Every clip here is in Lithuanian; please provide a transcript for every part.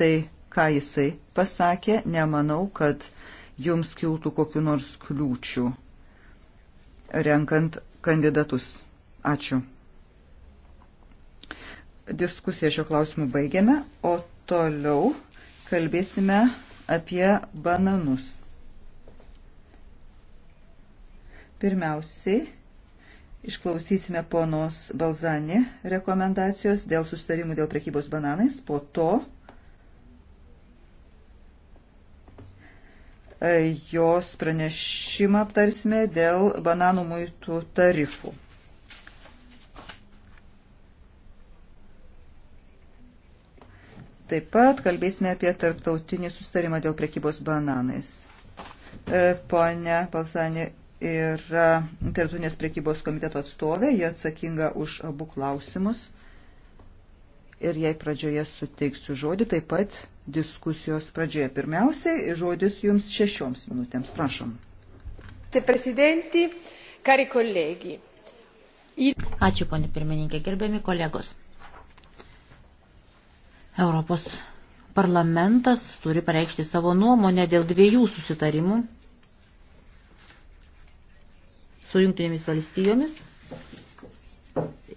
tai, ką jisai pasakė, nemanau, kad jums kiltų kokiu nors kliūčių renkant kandidatus. Ačiū. Diskusiją šio klausimu baigiame, o toliau kalbėsime apie bananus. Pirmiausiai Išklausysime ponos Balzani rekomendacijos dėl sustarimų dėl prekybos bananais, po to E, jos pranešimą aptarsime dėl bananų muitų tarifų. Taip pat kalbėsime apie tarptautinį sustarimą dėl prekybos bananais. E, Pone Balsanė yra tarptautinės prekybos komiteto atstovė, jie atsakinga už abu klausimus. Ir jai pradžioje suteiksiu žodį, taip pat diskusijos pradžioje. Pirmiausiai, žodis jums šešioms minutėms. Prašom. Ačiū, ponė pirmininkė, gerbiami kolegos. Europos parlamentas turi pareikšti savo nuomonę dėl dviejų susitarimų su Junktinėmis valstijomis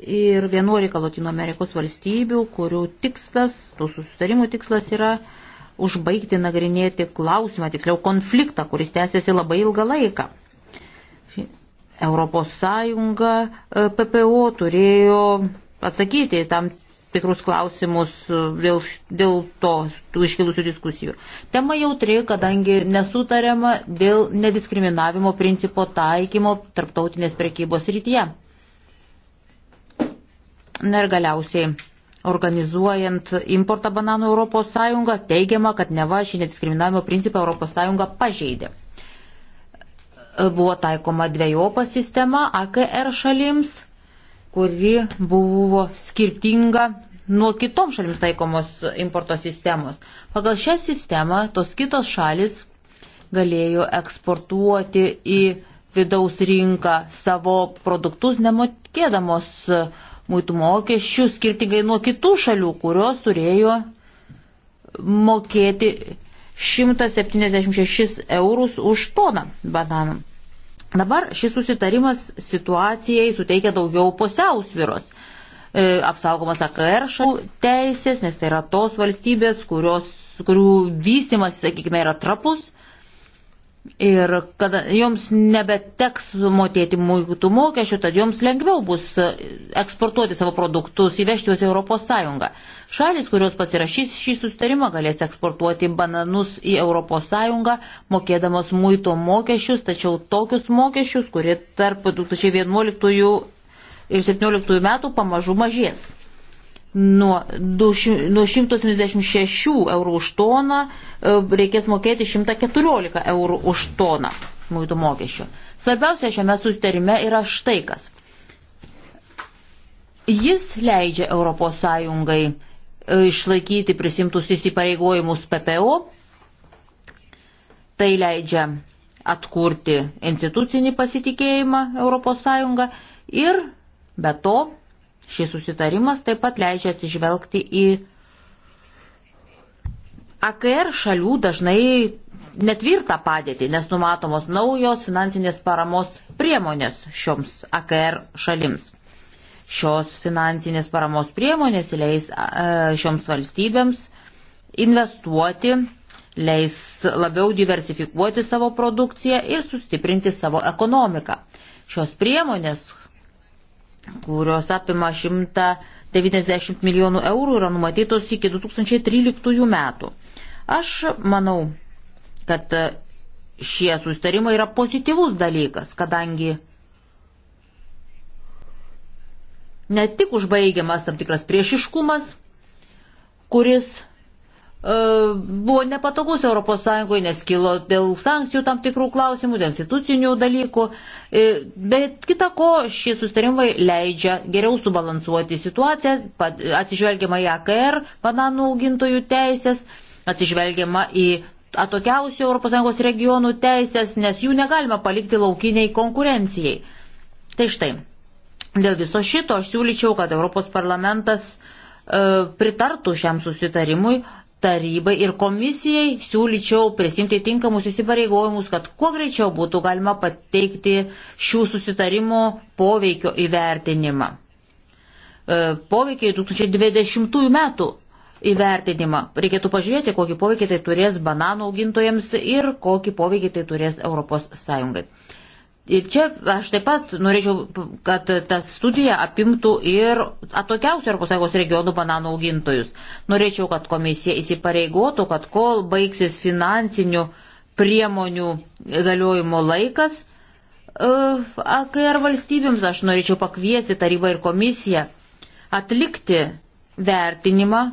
ir 11 Latino Amerikos valstybių, kurių tikslas, tų susitarimų tikslas yra užbaigti nagrinėti klausimą, tiksliau konfliktą, kuris tęsiasi labai ilgą laiką. Europos Sąjunga e, PPO turėjo atsakyti tam tikrus klausimus e, dėl, dėl to, tų iškilusių diskusijų. Tema jautri, kadangi nesutariama dėl nediskriminavimo principo taikymo tarptautinės prekybos rytyje. Na ir galiausiai organizuojant importą bananų ES teigiama, kad neva šį nediskriminavimo principą ES pažeidė. Buvo taikoma dviejopa sistema AKR šalims, kuri buvo skirtinga nuo kitom šalims taikomos importo sistemos. Pagal šią sistemą tos kitos šalis galėjo eksportuoti į vidaus rinką savo produktus nemokėdamos muitų mokesčių skirtingai nuo kitų šalių, kurios turėjo mokėti 176 eurus už toną bananų. Dabar šis susitarimas situacijai suteikia daugiau pusiausviros. E, apsaugomas AKR šalių teisės, nes tai yra tos valstybės, kurios, kurių vystimas, sakykime, yra trapus. Ir kad joms nebeteks mokėti muitų mokesčių, tad joms lengviau bus eksportuoti savo produktus, įvežti juos į ES. Šalis, kurios pasirašys šį sustarimą, galės eksportuoti bananus į ES, mokėdamos muito mokesčius, tačiau tokius mokesčius, kurie tarp 2011 ir 2017 metų pamažu mažės nuo 176 eurų už toną e, reikės mokėti 114 eurų už toną muitų mokesčių. Svarbiausia šiame susitarime yra štai kas. Jis leidžia ES e, išlaikyti prisimtus įsipareigojimus PPO, tai leidžia atkurti institucinį pasitikėjimą ES ir be to Šis susitarimas taip pat leidžia atsižvelgti į AKR šalių dažnai netvirtą padėtį, nes numatomos naujos finansinės paramos priemonės šioms AKR šalims. Šios finansinės paramos priemonės leis šioms valstybėms investuoti, leis labiau diversifikuoti savo produkciją ir sustiprinti savo ekonomiką. Šios priemonės kurios apima 190 milijonų eurų, yra numatytos iki 2013 metų. Aš manau, kad šie sustarimai yra pozityvus dalykas, kadangi ne tik užbaigiamas tam tikras priešiškumas, kuris E, buvo nepatogus ES, nes kilo dėl sankcijų tam tikrų klausimų, dėl institucinių dalykų, e, bet kita ko šie sustarimai leidžia geriau subalansuoti situaciją, atsižvelgiama į AKR, bananų augintojų teisės, atsižvelgiama į atokiausių ES regionų teisės, nes jų negalima palikti laukiniai konkurencijai. Tai štai, dėl viso šito aš siūlyčiau, kad Europos parlamentas e, pritartų šiam susitarimui tarybai ir komisijai siūlyčiau prisimti tinkamus įsipareigojimus, kad kuo greičiau būtų galima pateikti šių susitarimų poveikio įvertinimą. E, Poveikiai 2020 metų įvertinimą. Reikėtų pažiūrėti, kokį poveikį tai turės bananų augintojams ir kokį poveikį tai turės ES. Ir čia aš taip pat norėčiau, kad ta studija apimtų ir atokiausių ES regionų bananų augintojus. Norėčiau, kad komisija įsipareigotų, kad kol baigsis finansinių priemonių galiojimo laikas, e, AKR valstybėms aš norėčiau pakviesti tarybą ir komisiją atlikti vertinimą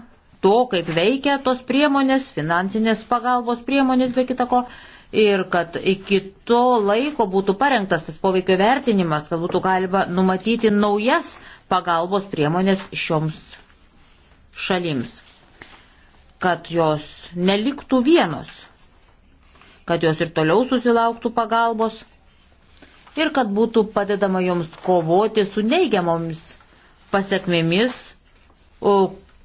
to, kaip veikia tos priemonės, finansinės pagalbos priemonės, be kitako. ko ir kad iki to laiko būtų parengtas tas poveikio vertinimas, kad būtų galima numatyti naujas pagalbos priemonės šioms šalims, kad jos neliktų vienos, kad jos ir toliau susilauktų pagalbos ir kad būtų padedama joms kovoti su neigiamomis pasiekmėmis,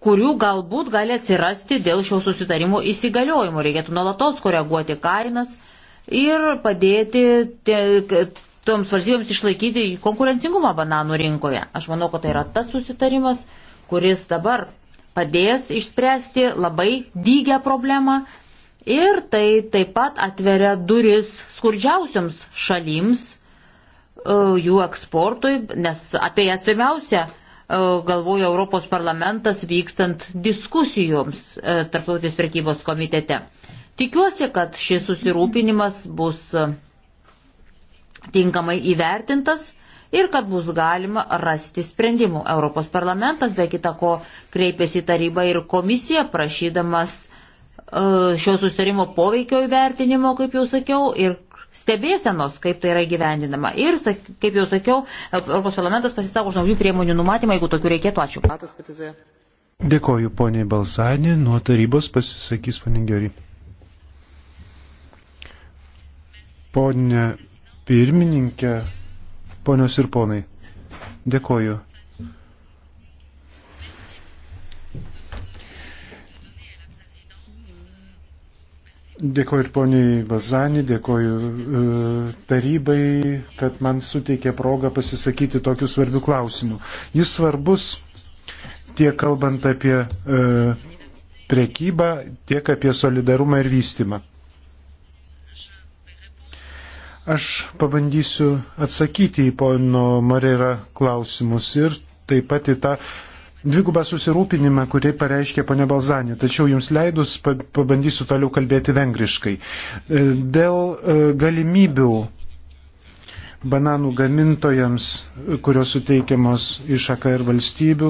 kurių galbūt gali atsirasti dėl šio susitarimo įsigaliojimo. Reikėtų nuolatos koreguoti kainas ir padėti te, toms valstybėms išlaikyti konkurencingumą bananų rinkoje. Aš manau, kad tai yra tas susitarimas, kuris dabar padės išspręsti labai dygę problemą ir tai taip pat atveria duris skurdžiausiams šalims e, jų eksportui, nes apie jas pirmiausia E, galvojo Europos parlamentas vykstant diskusijoms e, Tarptautinės prekybos komitete. Tikiuosi, kad šis susirūpinimas bus e, tinkamai įvertintas ir kad bus galima rasti sprendimų. Europos parlamentas be kita ko kreipėsi tarybą ir komisiją prašydamas šio sustarimo poveikio įvertinimo, kaip jau sakiau, ir stebėsenos, kaip tai yra gyvendinama. Ir, kaip jau sakiau, Europos parlamentas pasisako už naujų priemonių numatymą, jeigu tokių reikėtų. Ačiū. Dėkoju poniai Balsanį, nuo tarybos pasisakys paningeri. Pone pirmininkė, ponios ir ponai, dėkoju. Dėkoju ir poniai Vazani, dėkoju e, tarybai, kad man suteikė progą pasisakyti tokių svarbių klausimų. Jis svarbus tiek kalbant apie e, priekybą, tiek apie solidarumą ir vystimą. Aš pabandysiu atsakyti į pono Marera klausimus ir taip pat į tą dvigubą susirūpinimą, kurį pareiškė ponė Balzanė, tačiau jums leidus pabandysiu toliau kalbėti vengriškai. E, dėl e, galimybių bananų gamintojams, kurios suteikiamos iš AKR valstybių,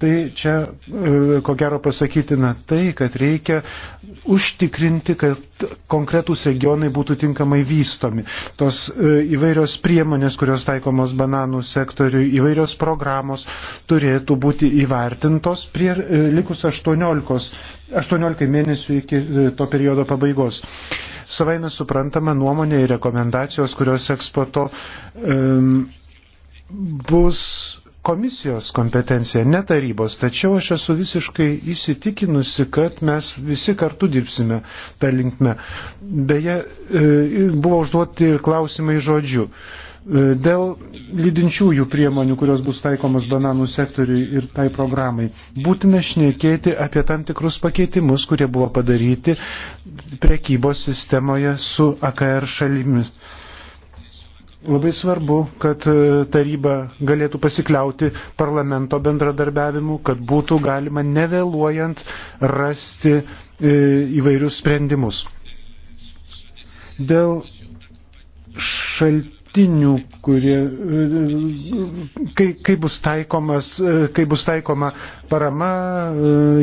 tai čia e, ko gero pasakytina tai, kad reikia užtikrinti, kad konkretūs regionai būtų tinkamai vystomi. Tos e, įvairios priemonės, kurios taikomos bananų sektoriui, įvairios programos turėtų būti įvertintos prie e, likus 18, 18 mėnesių iki to periodo pabaigos savai mes suprantama nuomonė ir rekomendacijos, kurios ekspoto um, bus komisijos kompetencija, ne tarybos, tačiau aš esu visiškai įsitikinusi, kad mes visi kartu dirbsime tą linkmę. Beje, e, buvo užduoti ir klausimai žodžiu. E, dėl lydinčiųjų priemonių, kurios bus taikomos bananų sektoriui ir tai programai, būtina šnekėti apie tam tikrus pakeitimus, kurie buvo padaryti prekybos sistemoje su AKR šalimis. Labai svarbu, kad e, taryba galėtų pasikliauti parlamento bendradarbiavimu, kad būtų galima nevėluojant rasti e, įvairius sprendimus. Dėl šal šaltinių, kurie, kai, kai, bus taikomas, kai bus taikoma parama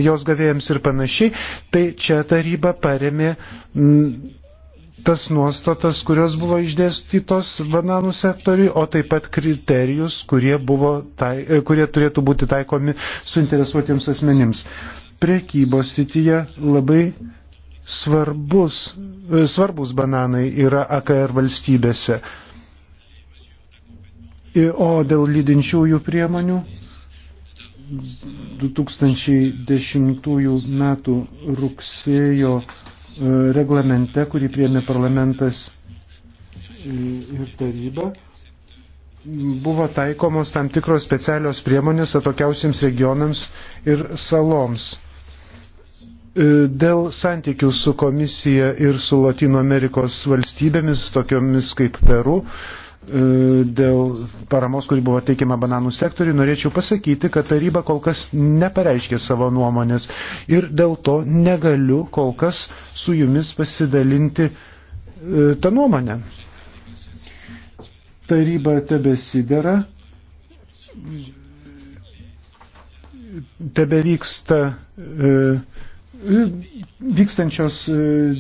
jos gavėjams ir panašiai, tai čia taryba paremė tas nuostatas, kurios buvo išdėstytos bananų sektoriui, o taip pat kriterijus, kurie, tai, kurie turėtų būti taikomi suinteresuotiems asmenims. Prekybos sityje labai svarbus, svarbus bananai yra AKR valstybėse. O dėl lydinčiųjų priemonių 2010 m. rugsėjo e, reglamente, kurį priėmė parlamentas e, ir taryba, buvo taikomos tam tikros specialios priemonės atokiausiams regionams ir saloms. E, dėl santykių su komisija ir su Latino Amerikos valstybėmis, tokiomis kaip Peru, E, dėl paramos, kuri buvo teikiama bananų sektoriui, norėčiau pasakyti, kad taryba kol kas nepareiškė savo nuomonės ir dėl to negaliu kol kas su jumis pasidalinti e, tą nuomonę. Taryba tebesidera, tebe vyksta e, Vykstančios e,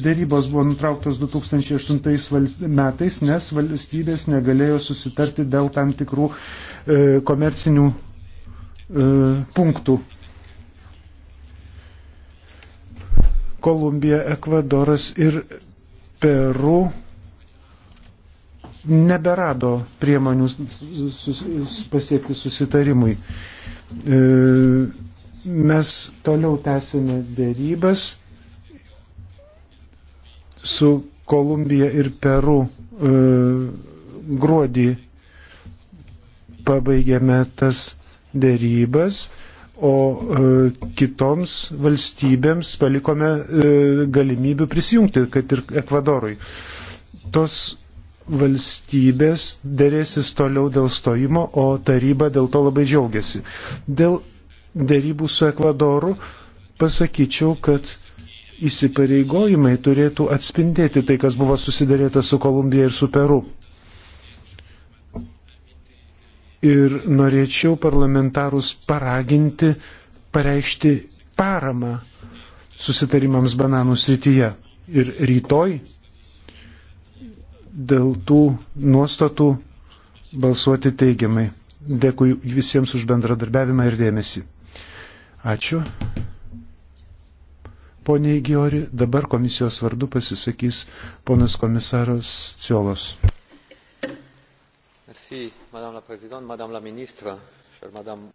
dėrybos buvo nutrauktos 2008 metais, nes valstybės negalėjo susitarti dėl tam tikrų e, komercinių e, punktų. Kolumbija, Ekvadoras ir Peru neberado priemonių sus, sus, pasiekti susitarimui. E, Mes toliau tęsime dėrybas su Kolumbija ir Peru e, gruodį pabaigėme tas dėrybas, o e, kitoms valstybėms palikome e, galimybių prisijungti, kad ir Ekvadorui. Tos valstybės dėrėsis toliau dėl stojimo, o taryba dėl to labai džiaugiasi. Dėl dėrybų su Ekvadoru, pasakyčiau, kad įsipareigojimai turėtų atspindėti tai, kas buvo susidarėta su Kolumbija ir su Peru. Ir norėčiau parlamentarus paraginti, pareikšti paramą susitarimams bananų srityje. Ir rytoj dėl tų nuostatų balsuoti teigiamai. Dėkui visiems už bendradarbiavimą ir dėmesį. Ačiū. Pone Giori, dabar komisijos vardu pasisakys ponas komisaras Ciolos. Merci, madame la présidente, madame la ministre, chère madame.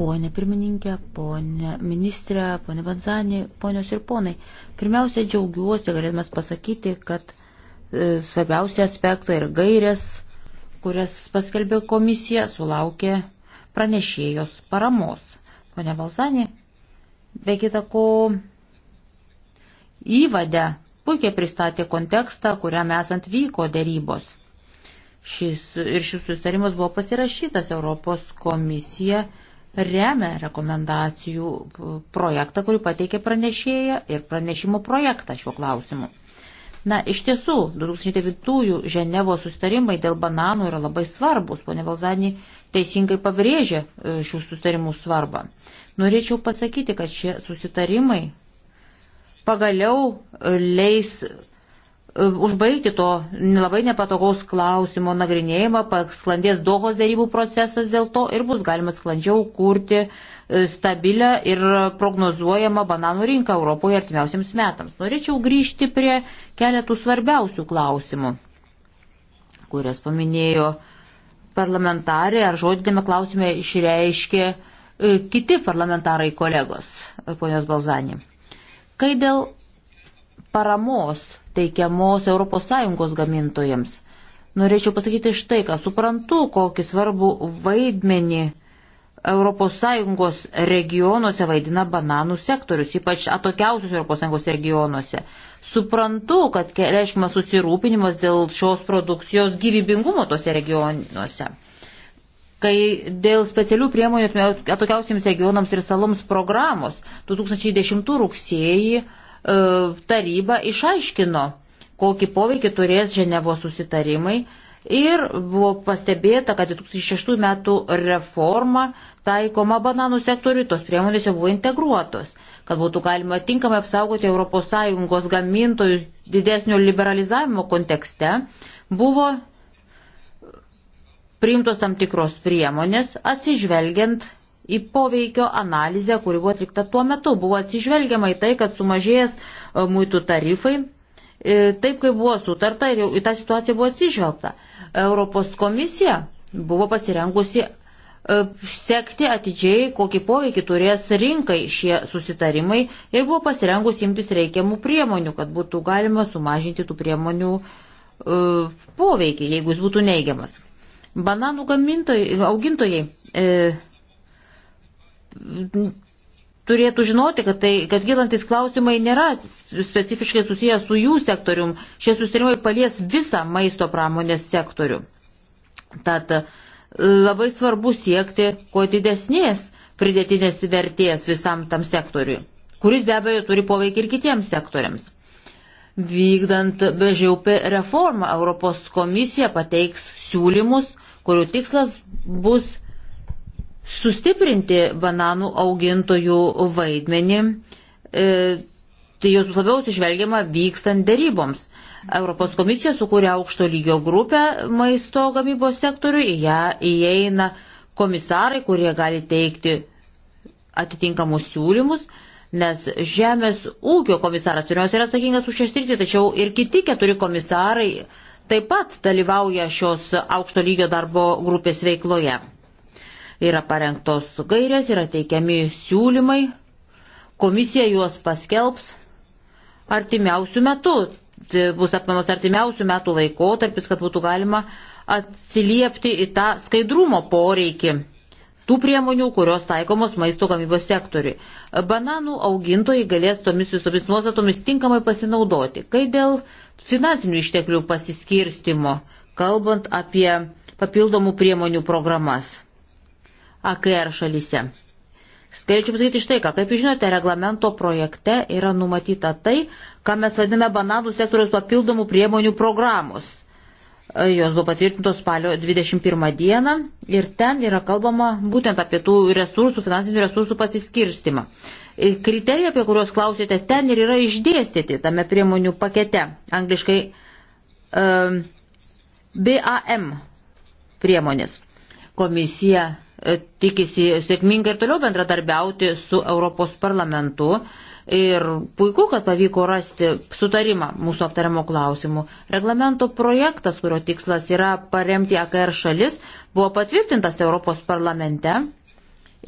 Pone pirmininkė, pone ministrė, pone Banzanė, ponios ir ponai. Pirmiausia, džiaugiuosi, galėtume pasakyti, kad e, svarbiausia aspektai ir gairės, kurias paskelbė komisija, sulaukė pranešėjos paramos. Pone Balzanė, be kita ko, įvadę puikiai pristatė kontekstą, kuriam esant vyko dėrybos. Šis, ir šis sustarimas buvo pasirašytas Europos komisija remia rekomendacijų projektą, kurį pateikė pranešėja ir pranešimo projektą šiuo klausimu. Na, iš tiesų, 2009-ųjų Ženevo sustarimai dėl bananų yra labai svarbus. Pone Valzani teisingai pabrėžė e, šių sustarimų svarbą. Norėčiau pasakyti, kad šie susitarimai pagaliau leis E, užbaigti to labai nepatogaus klausimo nagrinėjimą, sklandės dohos dėrybų procesas dėl to ir bus galima sklandžiau kurti e, stabilę ir prognozuojamą bananų rinką Europoje artimiausiams metams. Norėčiau grįžti prie keletų svarbiausių klausimų, kurias paminėjo parlamentarė ar žodinėme klausime išreiškė e, kiti parlamentarai kolegos, ponios Balzanė. Kai dėl paramos teikiamos ES gamintojams. Norėčiau pasakyti štai ką, suprantu, kokį svarbų vaidmenį ES regionuose vaidina bananų sektorius, ypač atokiausius ES regionuose. Suprantu, kad reiškimas susirūpinimas dėl šios produkcijos gyvybingumo tose regionuose. Kai dėl specialių priemonių atokiausiams regionams ir saloms programos 2010 rugsėjį E, taryba išaiškino, kokį poveikį turės Ženevo susitarimai ir buvo pastebėta, kad 2006 metų reforma taikoma bananų sektoriui, tos priemonės jau buvo integruotos, kad būtų galima tinkamai apsaugoti ES gamintojus didesnio liberalizavimo kontekste, buvo priimtos tam tikros priemonės atsižvelgiant į poveikio analizę, kuri buvo atlikta tuo metu. Buvo atsižvelgiama į tai, kad sumažėjęs e, muitų tarifai, e, taip kaip buvo sutarta ir jau į tą situaciją buvo atsižvelgta. Europos komisija buvo pasirengusi e, sekti atidžiai, kokį poveikį turės rinkai šie susitarimai ir buvo pasirengusi imtis reikiamų priemonių, kad būtų galima sumažinti tų priemonių uh, poveikį, jeigu jis būtų neigiamas. Bananų gamintojai, augintojai e, turėtų žinoti, kad, tai, kad gilantis klausimai nėra specifiškai susijęs su jų sektorium. Šie susitarimai palies visą maisto pramonės sektorių. Tad e, labai svarbu siekti kuo didesnės pridėtinės vertės visam tam sektoriui, kuris be abejo turi poveikį ir kitiems sektoriams. Vykdant BŽUP reformą, Europos komisija pateiks siūlymus, kurių tikslas bus sustiprinti bananų augintojų vaidmenį, e, tai jos bus labiau atsižvelgiama vykstant deryboms. Europos komisija sukūrė aukšto lygio grupę maisto gamybos sektoriui, į ją įeina komisarai, kurie gali teikti atitinkamus siūlymus, nes žemės ūkio komisaras pirmiausia yra atsakingas už šią sritį, tačiau ir kiti keturi komisarai taip pat dalyvauja šios aukšto lygio darbo grupės veikloje. Yra parengtos gairės, yra teikiami siūlymai, komisija juos paskelbs artimiausių metų. Tai bus apimamas artimiausių metų laikotarpis, kad būtų galima atsiliepti į tą skaidrumo poreikį tų priemonių, kurios taikomos maisto gamybos sektoriui. Bananų augintojai galės tomis visomis nuostatomis tinkamai pasinaudoti. Kai dėl finansinių išteklių pasiskirstimo, kalbant apie papildomų priemonių programas. AKR šalyse. Galėčiau pasakyti štai ką, kaip jūs žinote, reglamento projekte yra numatyta tai, ką mes vadiname bananų sektoriaus papildomų priemonių programos. E, jos buvo patvirtintos spalio 21 dieną ir ten yra kalbama būtent apie tų resursų, finansinių resursų pasiskirstimą. E, kriterijai, apie kuriuos klausėte, ten ir yra išdėstyti tame priemonių pakete, angliškai um, e, BAM priemonės. Komisija tikisi sėkmingai ir toliau bendradarbiauti su Europos parlamentu. Ir puiku, kad pavyko rasti sutarimą mūsų aptariamo klausimų. Reglamento projektas, kurio tikslas yra paremti AKR šalis, buvo patvirtintas Europos parlamente.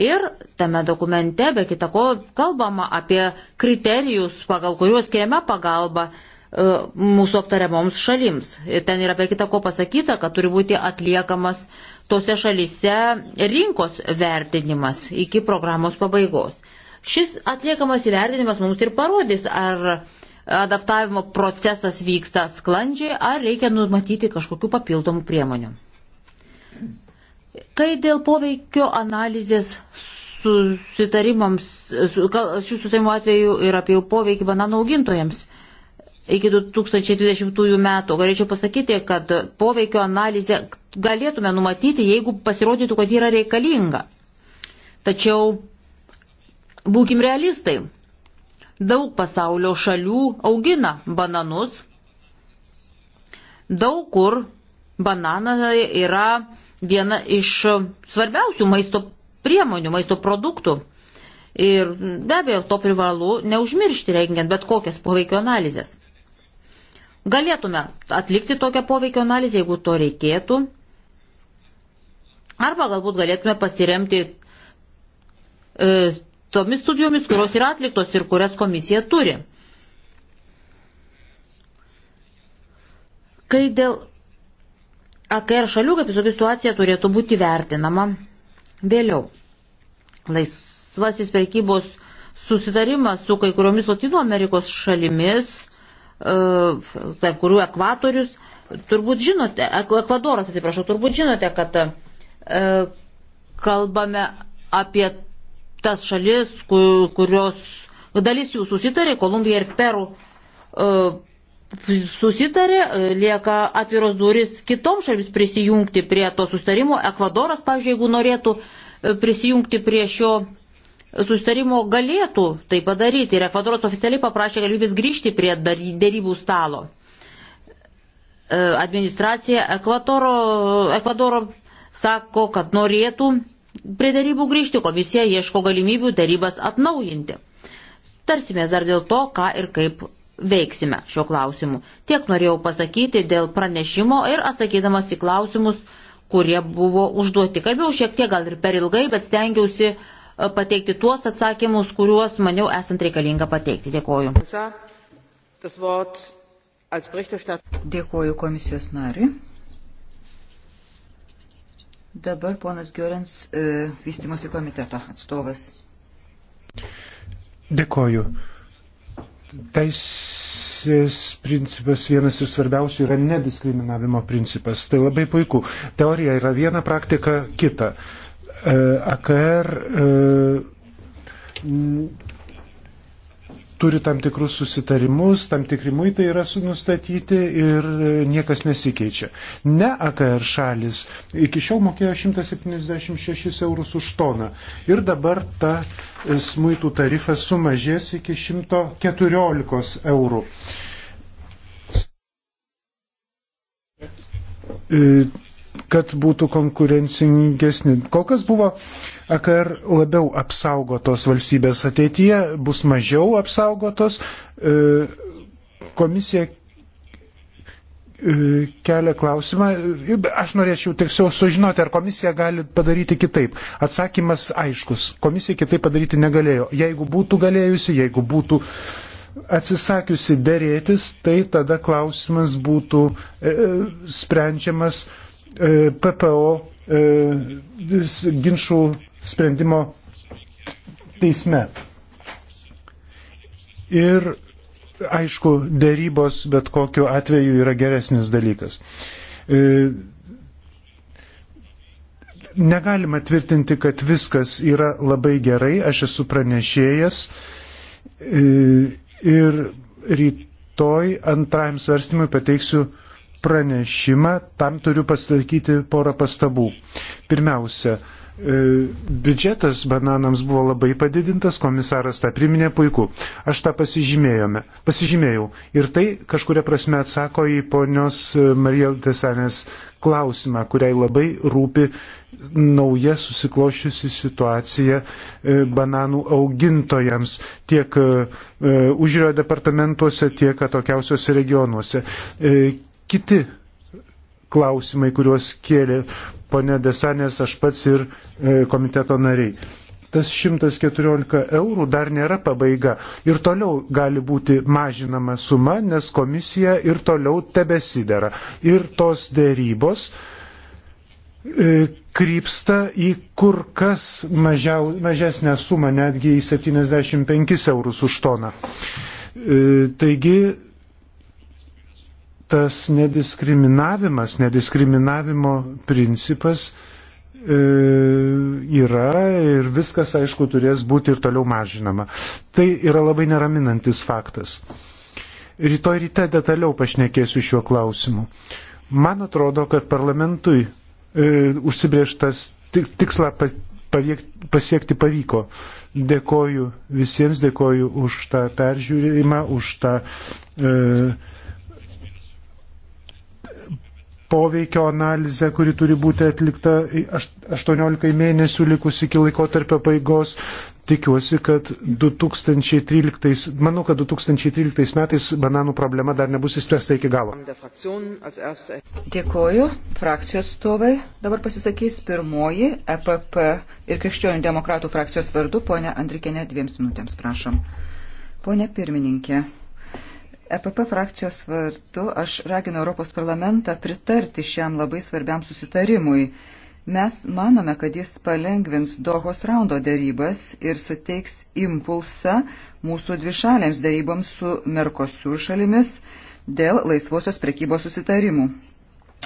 Ir tame dokumente, be kita ko, kalbama apie kriterijus, pagal kuriuos skiriame pagalbą e, mūsų aptariamoms šalims. Ir ten yra be kita ko pasakyta, kad turi būti atliekamas uh, tose šalise rinkos vertinimas iki programos pabaigos. Šis atliekamas įvertinimas mums ir parodys, ar adaptavimo procesas vyksta sklandžiai, ar reikia numatyti kažkokių papildomų priemonių. Kai dėl poveikio analizės susitarimams, šių susitarimų atveju ir apie jų poveikį bananų augintojams, iki 2020 metų. Galėčiau pasakyti, kad poveikio analizę galėtume numatyti, jeigu pasirodytų, kad yra reikalinga. Tačiau būkim realistai. Daug pasaulio šalių augina bananus. Daug kur bananai yra viena iš svarbiausių maisto priemonių, maisto produktų. Ir be abejo, to privalu neužmiršti rengiant bet kokias poveikio analizės. Galėtume atlikti tokią poveikio analizę, jeigu to reikėtų. Arba galbūt galėtume pasiremti e, tomis studijomis, kurios yra atliktos ir kurias komisija turi. Kai dėl AKR šalių, kaip visokia situacija turėtų būti vertinama vėliau. Laisvasis prekybos susitarimas su kai kuriomis Latino Amerikos šalimis E, kurių ekvatorius, turbūt žinote, Ekvadoras, atsiprašau, turbūt žinote, kad e, kalbame apie tas šalis, kurios dalis jų susitarė, Kolumbija ir Peru e, susitarė, lieka atviros duris kitoms šalims prisijungti prie to sustarimo. Ekvadoras, pavyzdžiui, jeigu norėtų prisijungti prie šio sustarimo galėtų tai padaryti. Ir Ekvadoras oficialiai paprašė galimybės grįžti prie dėrybų stalo. E, administracija Ekvadoro, Ekvadoro sako, kad norėtų prie dėrybų grįžti, komisija ieško galimybių dėrybas atnaujinti. Tarsimės dar dėl to, ką ir kaip veiksime šio klausimu. Tiek norėjau pasakyti dėl pranešimo ir atsakydamas į klausimus, kurie buvo užduoti. Kalbėjau šiek tiek gal ir per ilgai, bet stengiausi uh, E, pateikti tuos atsakymus, kuriuos maniau esant reikalinga pateikti. Dėkoju. Dėkoju komisijos nariui. Dabar ponas Giorens, e, vystimosi komiteto atstovas. Dėkoju. Teisės principas vienas iš svarbiausių yra nediskriminavimo principas. Tai labai puiku. Teorija yra viena, praktika kita. E, E, AKR e, turi tam tikrus susitarimus, tam tikri muitai yra nustatyti ir e, niekas nesikeičia. Ne AKR šalis iki šiol mokėjo 176 eurus už toną ir dabar ta muitų tarifas sumažės iki 114 eurų kad būtų konkurencingesni. Kol kas buvo AKR labiau apsaugotos valstybės, ateityje bus mažiau apsaugotos. E, komisija e, kelia klausimą. Aš norėčiau tiksliau sužinoti, ar komisija gali padaryti kitaip. Atsakymas aiškus. Komisija kitaip padaryti negalėjo. Jeigu būtų galėjusi, jeigu būtų atsisakiusi dėrėtis, tai tada klausimas būtų e, e sprendžiamas e, E, PPO e, ginčių sprendimo teisme. Ir aišku, dėrybos bet kokiu atveju yra geresnis dalykas. E, negalima tvirtinti, kad viskas yra labai gerai, aš esu pranešėjas ir rytoj antrajam svarstymui pateiksiu pranešimą, tam turiu pasakyti porą pastabų. Pirmiausia, e, biudžetas bananams buvo labai padidintas, komisaras tą priminė puiku. Aš tą pasižymėjau. Ir tai kažkuria prasme atsako į ponios Marijal Tesanės klausimą, kuriai labai rūpi nauja susiklošiusi situacija e, bananų augintojams tiek e, užsienio departamentuose, tiek atokiausiuose regionuose kiti klausimai, kuriuos kėlė pane Desanės, aš pats ir e, komiteto nariai. Tas 114 eurų dar nėra pabaiga ir toliau gali būti mažinama suma, nes komisija ir toliau tebesidera. Ir tos dėrybos e, krypsta į kur kas mažiau, mažesnę sumą, netgi į 75 eurus už toną. E, taigi tas nediskriminavimas, nediskriminavimo principas e, yra ir viskas, aišku, turės būti ir toliau mažinama. Tai yra labai neraminantis faktas. Rytoj ryte detaliau pašnekėsiu šiuo klausimu. Man atrodo, kad parlamentui e, užsibrieštas tiksla pasiekti pavyko. Dėkoju visiems, dėkoju už tą peržiūrėjimą, už tą e, poveikio analizę, kuri turi būti atlikta 18 mėnesių likus iki laiko tarp pabaigos. Tikiuosi, kad 2013, manau, kad 2013 metais bananų problema dar nebus įspręsta iki galo. Dėkoju. Frakcijos atstovai dabar pasisakys pirmoji EPP ir Krikščionių demokratų frakcijos vardu, ponia Andrikėne, dviems minutėms prašom. Pone pirmininkė. EPP frakcijos vardu aš raginu Europos parlamentą pritarti šiam labai svarbiam susitarimui. Mes manome, kad jis palengvins Dohos raundo dėrybas ir suteiks impulsą mūsų dvišalėms dėryboms su Merkosių šalimis dėl laisvosios prekybos susitarimų.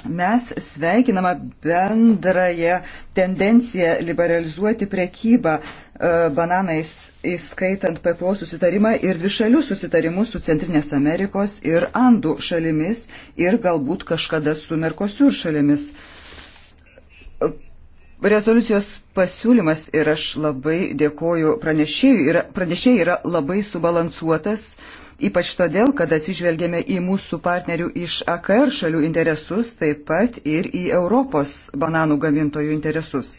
Mes sveikiname bendrąją tendenciją liberalizuoti prekybą e, bananais, įskaitant PPO susitarimą ir dvišalius susitarimus su Centrinės Amerikos ir Andų šalimis ir galbūt kažkada su Merkosiur šalimis. Rezoliucijos pasiūlymas ir aš labai dėkoju pranešėjui, pranešėjai yra labai subalansuotas. Uh, ypač todėl, kad atsižvelgėme į mūsų partnerių iš AKR šalių interesus, taip pat ir į Europos bananų gamintojų interesus.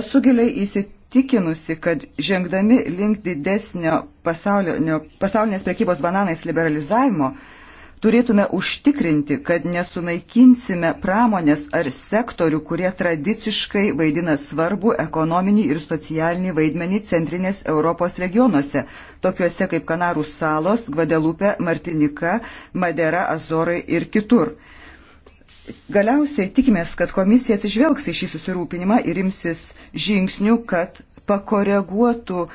Esu giliai įsitikinusi, kad žengdami link didesnio pasaulinės prekybos bananais liberalizavimo, turėtume užtikrinti, kad nesunaikinsime pramonės ar sektorių, kurie tradiciškai vaidina svarbu ekonominį ir socialinį vaidmenį centrinės Europos regionuose, tokiuose kaip Kanarų salos, Gvadelupė, Martinika, Madera, Azorai ir kitur. Galiausiai tikimės, kad komisija atsižvelgs į šį susirūpinimą ir imsis žingsnių, kad pakoreguotų e,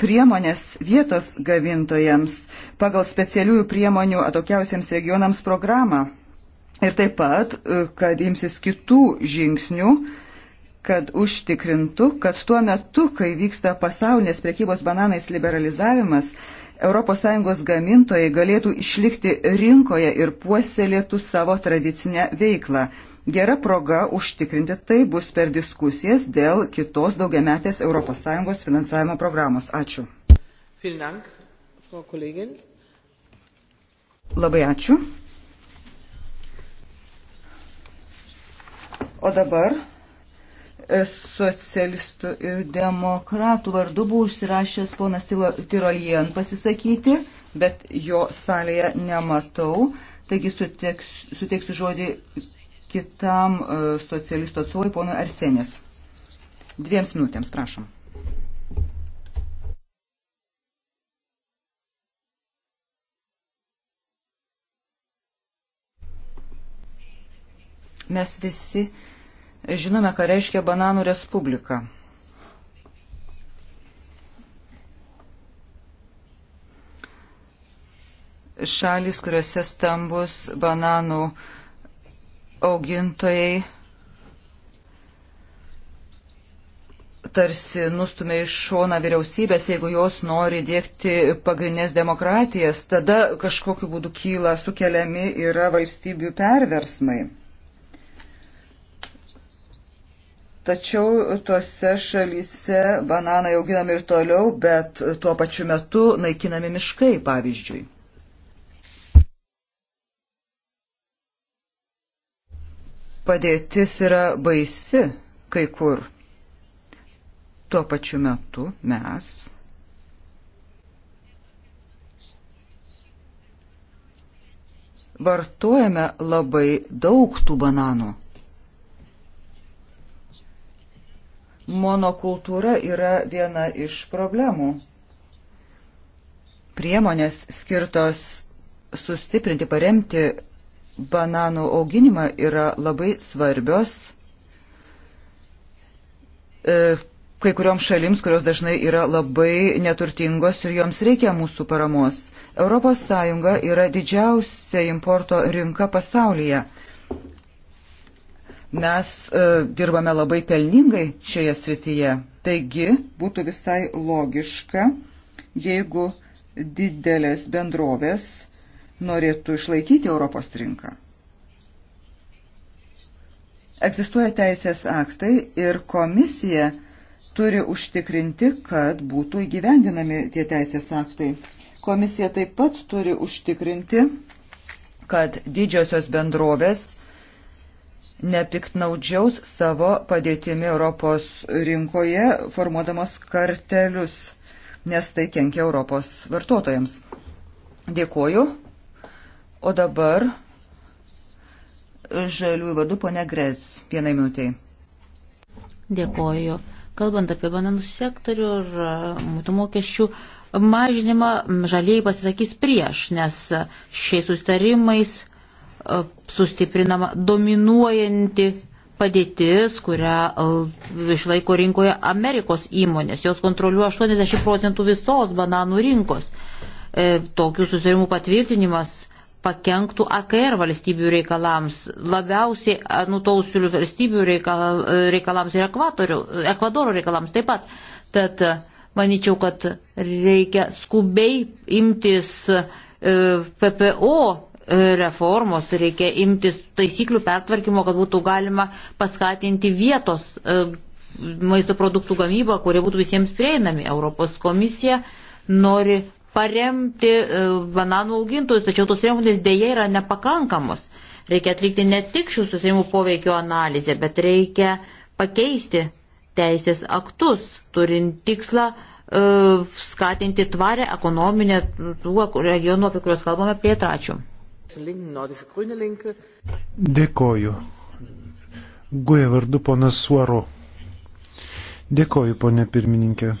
priemonės vietos gavintojams pagal specialiųjų priemonių atokiausiems regionams programą. Ir taip pat, e, kad imsis kitų žingsnių, kad užtikrintų, kad tuo metu, kai vyksta pasaulinės priekybos bananais liberalizavimas, ES gamintojai galėtų išlikti rinkoje ir puoselėtų savo tradicinę veiklą. Gera proga užtikrinti tai bus per diskusijas dėl kitos daugiametės ES finansavimo programos. Ačiū. Labai ačiū. O dabar e, socialistų ir demokratų vardu buvo užsirašęs ponas Tirolien pasisakyti, bet jo salėje nematau. Taigi suteiksiu žodį kitam e, socialistų atstovui, ponui Arsenis. Dviems minutėms, prašom. Mes visi žinome, ką reiškia bananų respublika. Šalis, kuriuose stambus bananų uh, augintojai tarsi nustumė iš šona vyriausybės, jeigu jos nori dėkti pagrindinės demokratijas, tada kažkokiu būdu kyla sukeliami yra valstybių perversmai. Tačiau tuose šalyse bananai auginami ir toliau, bet tuo pačiu metu naikinami miškai, pavyzdžiui. padėtis yra baisi kai kur. Tuo pačiu metu mes vartojame labai daug tų bananų. Monokultūra yra viena iš problemų. Priemonės skirtos sustiprinti, paremti bananų auginimą yra labai svarbios e, kai kurioms šalims, kurios dažnai yra labai neturtingos ir joms reikia mūsų paramos. ES yra didžiausia importo rinka pasaulyje. Mes e, dirbame labai pelningai šioje srityje. Taigi būtų visai logiška, jeigu didelės bendrovės norėtų išlaikyti Europos rinką. Egzistuoja teisės aktai ir komisija turi užtikrinti, kad būtų įgyvendinami tie teisės aktai. Komisija taip pat turi užtikrinti, kad didžiosios bendrovės nepiktnaudžiaus savo padėtimi Europos rinkoje, formuodamos kartelius, nes tai kenkia Europos vartotojams. Dėkuoju. O dabar žaliųjų vardų ponia Grės. Vienai minutiai. Dėkoju. Kalbant apie bananų sektorių ir e, mūtų mokesčių mažinimą, žaliai pasisakys prieš, nes šiais sustarimais e, sustiprinama dominuojanti padėtis, kurią e, išlaiko rinkoje Amerikos įmonės. Jos kontroliuoja 80 procentų visos bananų rinkos. Tokių susitarimų patvirtinimas pakenktų AKR valstybių reikalams, labiausiai nutausių valstybių reikal, reikalams ir Ekvadoro reikalams taip pat. Tad manyčiau, kad reikia skubiai imtis e, PPO reformos, reikia imtis taisyklių pertvarkymo, kad būtų galima paskatinti vietos e, maisto produktų gamybą, kurie būtų visiems prieinami. Europos komisija nori paremti e, bananų augintojus, tačiau tos priemonės dėja yra nepakankamos. Reikia atlikti ne tik šių susirėmų poveikio analizę, bet reikia pakeisti teisės aktus, turint tikslą uh, skatinti tvarę ekonominę tų regionų, apie kuriuos kalbame, plėtračių. Dėkoju. Guja vardu ponas Suaro. Dėkoju, ponė pirmininkė.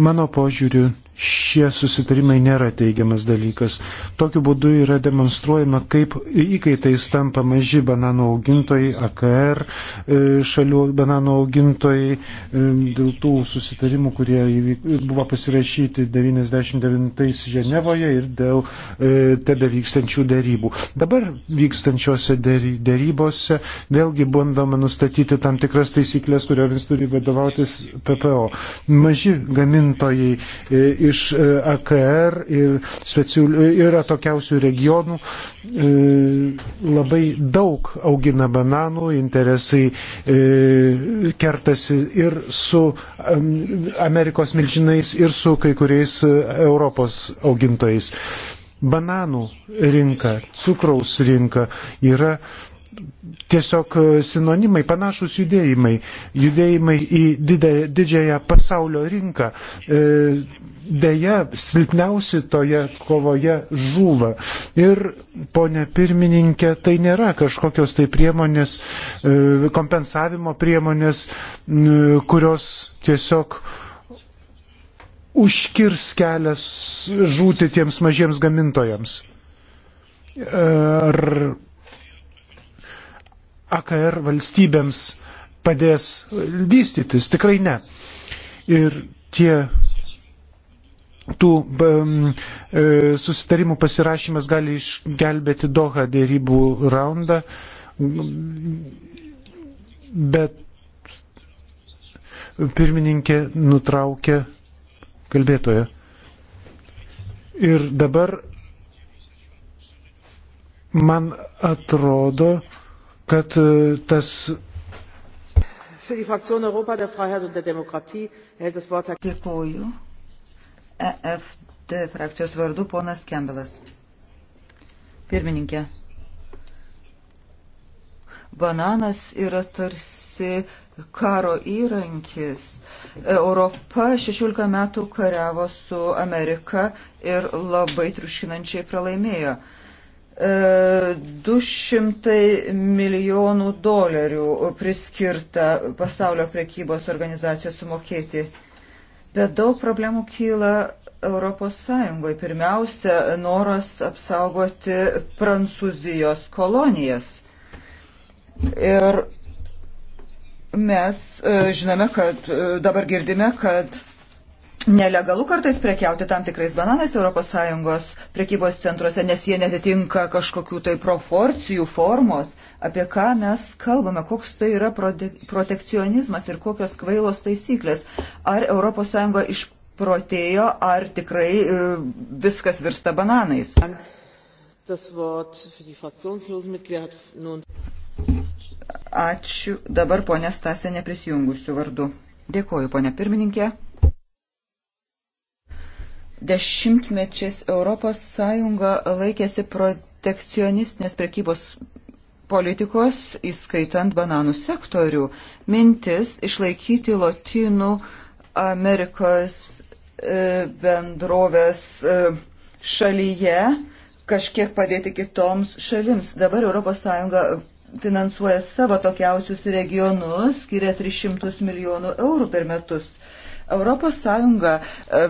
Mano požiūriu, šie susitarimai nėra teigiamas dalykas. Tokiu būdu yra demonstruojama, kaip įkaitais tampa maži bananų augintojai, AKR e, šalių bananų augintojai e, dėl tų susitarimų, kurie buvo pasirašyti 99-ais Ženevoje ir dėl e, tebe vykstančių dėrybų. Dabar vykstančiose dėrybose vėlgi bandoma nustatyti tam tikras taisyklės, kuriomis turi vadovautis PPO. Maži gamintojai iš e, AKR ir, specialių, e, ir atokiausių regionų. E, labai daug augina bananų, interesai kertasi ir su Amerikos milžinais, ir su kai kuriais Europos augintojais. Bananų rinka, cukraus rinka yra tiesiog sinonimai, panašus judėjimai, judėjimai į didę, didžiąją pasaulio rinką. E, dėja silpniausi toje kovoje žūva. Ir, ponė pirmininkė, tai nėra kažkokios tai priemonės, e, kompensavimo priemonės, kurios tiesiog užkirs kelias žūti tiems mažiems gamintojams. Ar AKR valstybėms padės vystytis? Tikrai ne. Ir tie tų e, susitarimų pasirašymas gali išgelbėti Doha dėrybų raundą, bet pirmininkė nutraukė kalbėtoją. Ir dabar man atrodo, kad e, tas Dėkoju. EFT frakcijos vardu ponas Kembelas. Pirmininkė. Bananas yra tarsi karo įrankis. Europa 16 metų kariavo su Amerika ir labai triuškinančiai pralaimėjo. 200 e, milijonų dolerių priskirta pasaulio prekybos organizacijos sumokėti Bet daug problemų kyla Europos Sąjungoje. Pirmiausia, noras apsaugoti Prancūzijos kolonijas. Ir mes e, žinome, kad e, dabar girdime, kad nelegalu kartais prekiauti tam tikrais bananais Europos Sąjungos prekybos centruose, nes jie netitinka kažkokių tai proporcijų formos apie ką mes kalbame, koks tai yra protekcionizmas ir kokios kvailos taisyklės. Ar ES išprotėjo, ar tikrai e, viskas virsta bananais. Ačiū dabar ponė Stasė neprisijungusių vardu. Dėkoju, ponė pirmininkė dešimtmečiais ES laikėsi protekcionistinės prekybos politikos, įskaitant bananų sektorių. Mintis išlaikyti Latinų Amerikos e, bendrovės e, šalyje, kažkiek padėti kitoms šalims. Dabar ES finansuoja savo tokiausius regionus, skiria 300 milijonų eurų per metus. ES e,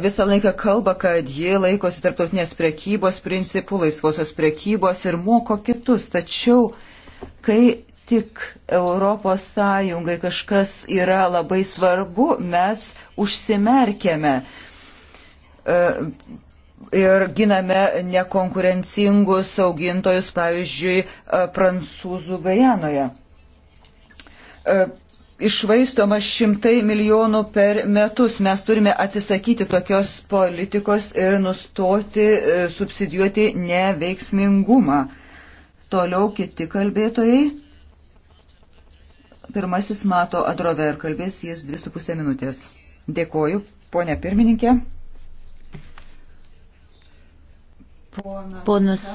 visą laiką kalba, kad ji laikosi tarptautinės prekybos principų, laisvosios prekybos ir moko kitus, tačiau Kai tik Europos Sąjungai kažkas yra labai svarbu, mes užsimerkėme e, ir giname nekonkurencingus augintojus, pavyzdžiui, e, prancūzų Gajanoje. E, išvaistoma šimtai milijonų per metus. Mes turime atsisakyti tokios politikos ir nustoti subsidijuoti neveiksmingumą. Toliau kiti kalbėtojai. Pirmasis mato Adrove ir kalbės jis 2,5 minutės. Dėkoju, ponė pirmininkė. Ponas. Ponas.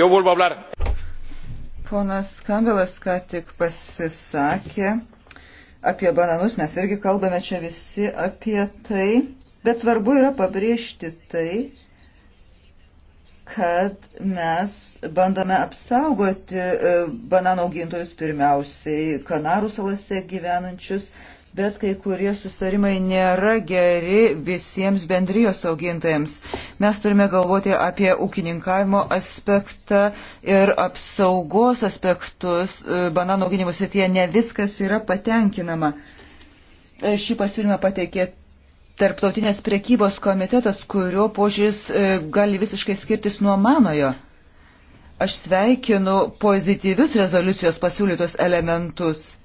Yo vuelvo a hablar. Ponas Kambelas ką tik pasisakė apie bananus, mes irgi kalbame čia visi apie tai, bet svarbu yra pabrėžti tai, kad mes bandome apsaugoti e, bananų augintojus pirmiausiai, Kanarų salose gyvenančius, bet kai kurie sustarimai nėra geri visiems bendrijos augintojams. Mes turime galvoti apie ūkininkavimo aspektą ir apsaugos aspektus. E, bananų auginimo srityje ne viskas yra patenkinama. E, šį pasiūlymą pateikė tarptautinės prekybos komitetas, kurio požiūris e, gali visiškai skirtis nuo manojo. Aš sveikinu pozityvius rezoliucijos pasiūlytos elementus.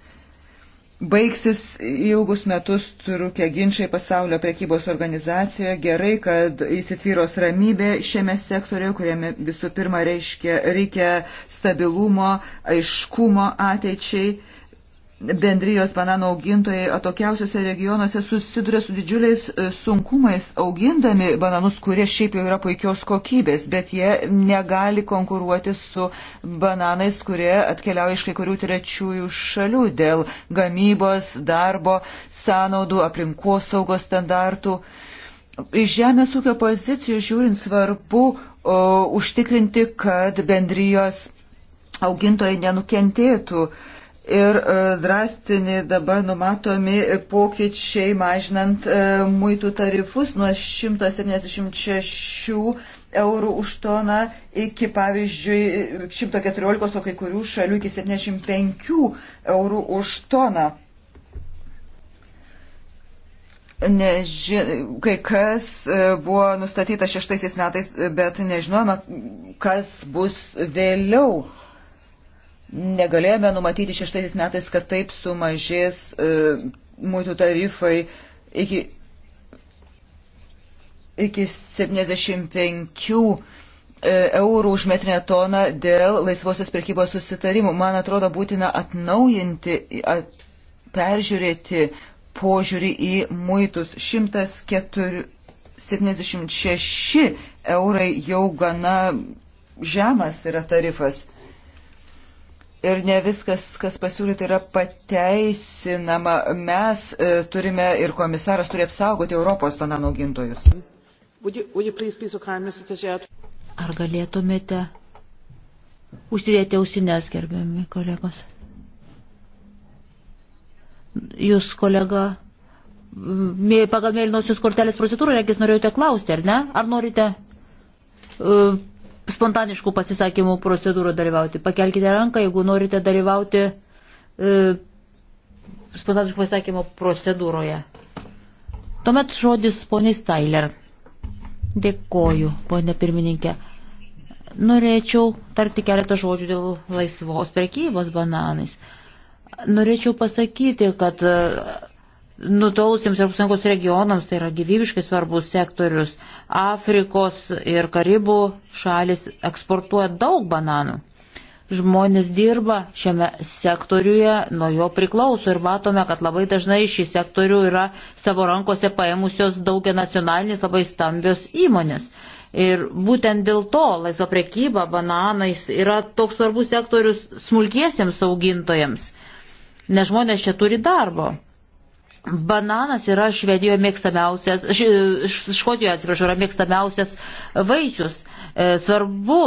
Baigsis ilgus metus trukę ginčiai pasaulio prekybos organizacijoje. Gerai, kad įsitvyros ramybė šiame sektoriu, kuriame visų pirma reiškia, reikia stabilumo, aiškumo ateičiai bendrijos bananų augintojai atokiausiose regionuose susiduria su didžiuliais e, sunkumais augindami bananus, kurie šiaip jau yra puikios kokybės, bet jie negali konkuruoti su bananais, kurie atkeliauja iš kai kurių trečiųjų šalių dėl gamybos, darbo, sąnaudų, aplinkos saugos standartų. Iš žemės ūkio pozicijų žiūrint svarbu o, užtikrinti, kad bendrijos augintojai nenukentėtų. O, ir e, drastini dabar numatomi pokyčiai mažinant e, muitų tarifus nuo 176 eurų už toną iki, pavyzdžiui, 114, o kai kurių šalių iki 75 eurų už toną. Neži... Kai kas e, buvo nustatyta šeštaisiais metais, bet nežinojama, kas bus vėliau negalėjome numatyti šeštaisiais metais, kad taip sumažės e, muitų tarifai iki, iki 75 e, eurų už metrinę toną dėl laisvosios prekybos susitarimų. Man atrodo būtina atnaujinti, at, peržiūrėti požiūrį į muitus 176 eurai jau gana žemas yra tarifas ir ne viskas, kas pasiūlyta, yra pateisinama. Mes e, turime ir komisaras turi apsaugoti Europos bananų augintojus. Ar galėtumėte užsidėti ausinės, gerbiami kolegos? Jūs, kolega, pagal mėlynosios kortelės procedūrą, reikės norėjote klausti, ar ne? Ar norite? Uh, spontaniškų pasisakymų procedūrų dalyvauti. Pakelkite ranką, jeigu norite dalyvauti e, spontaniškų pasisakymų procedūroje. Tuomet žodis poniai Stailer. Dėkoju, ponė pirmininkė. Norėčiau tarti keletą žodžių dėl laisvos prekybos bananais. Norėčiau pasakyti, kad e, Nutausiams ES regionams tai yra gyvybiškai svarbus sektorius. Afrikos ir Karibų šalis eksportuoja daug bananų. Žmonės dirba šiame sektoriuje, nuo jo priklauso ir matome, kad labai dažnai šį sektorių yra savo rankose paėmusios daugia nacionalinės labai stambios įmonės. Ir būtent dėl to laisva prekyba bananais yra toks svarbus sektorius smulkiesiems augintojams, nes žmonės čia turi darbo. Bananas yra Švedijoje mėgstamiausias, Škodijoje atsiprašau, yra mėgstamiausias vaisius. E, svarbu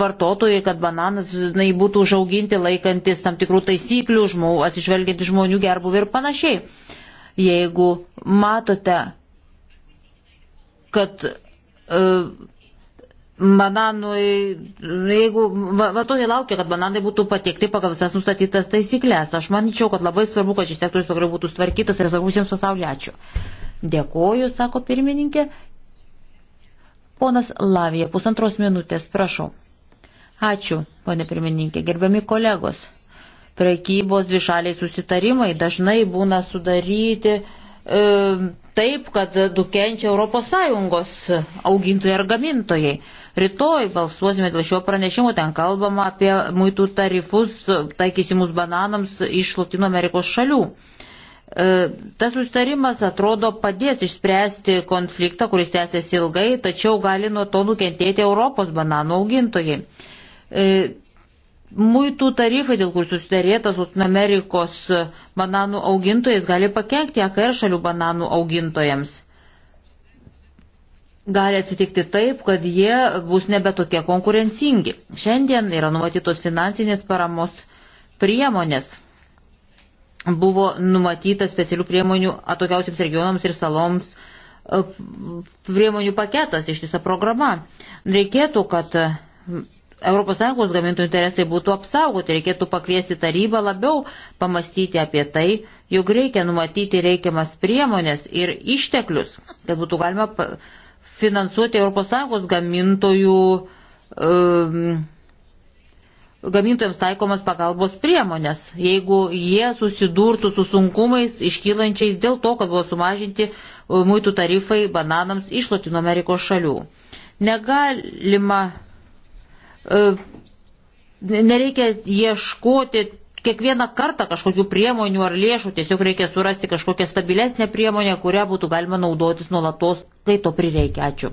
vartotojai, kad bananas na, būtų užauginti laikantis tam tikrų taisyklių, žmonių, atsižvelginti žmonių gerbuvį ir panašiai. Jeigu matote, kad uh, bananui, jeigu vartotojai laukia, kad bananai būtų patiekti pagal visas nustatytas taisyklės, aš manyčiau, kad labai svarbu, kad šis sektorius pagaliau būtų sutvarkytas ir svarbu visiems pasaulyje. Ačiū. Dėkoju, sako pirmininkė. Ponas Lavija, pusantros minutės, prašau. Ačiū, ponė pirmininkė, gerbiami kolegos. Prekybos dvišaliai susitarimai dažnai būna sudaryti e, taip, kad dukenčia ES augintojai ir gamintojai. Rytoj balsuosime dėl šio pranešimo, ten kalbama apie muitų tarifus taikysimus bananams iš Latino Amerikos šalių. E, tas sustarimas atrodo padės išspręsti konfliktą, kuris tęsiasi ilgai, tačiau gali nuo to nukentėti Europos bananų augintojai e, Muitų tarifai, dėl kurių susidarėta su Amerikos e, bananų augintojais, gali pakengti AKR šalių bananų augintojams. Gali atsitikti taip, kad jie bus nebe tokie konkurencingi. Šiandien yra numatytos finansinės paramos priemonės. Buvo numatyta specialių priemonių atokiausiams regionams ir saloms e, priemonių paketas, ištisa programa. Reikėtų, kad ES gamintojų interesai būtų apsaugoti, reikėtų pakviesti tarybą labiau pamastyti apie tai, jog reikia numatyti reikiamas priemonės ir išteklius, kad būtų galima finansuoti ES gamintojų um, gamintojams taikomas pagalbos priemonės, jeigu jie susidurtų su sunkumais iškylančiais dėl to, kad buvo sumažinti uh, muitų tarifai bananams iš Latino Amerikos šalių. Negalima E, nereikia ieškoti kiekvieną kartą kažkokių priemonių ar lėšų, tiesiog reikia surasti kažkokią stabilesnę priemonę, kurią būtų galima naudotis nuolatos, kai to prireikia. Ačiū.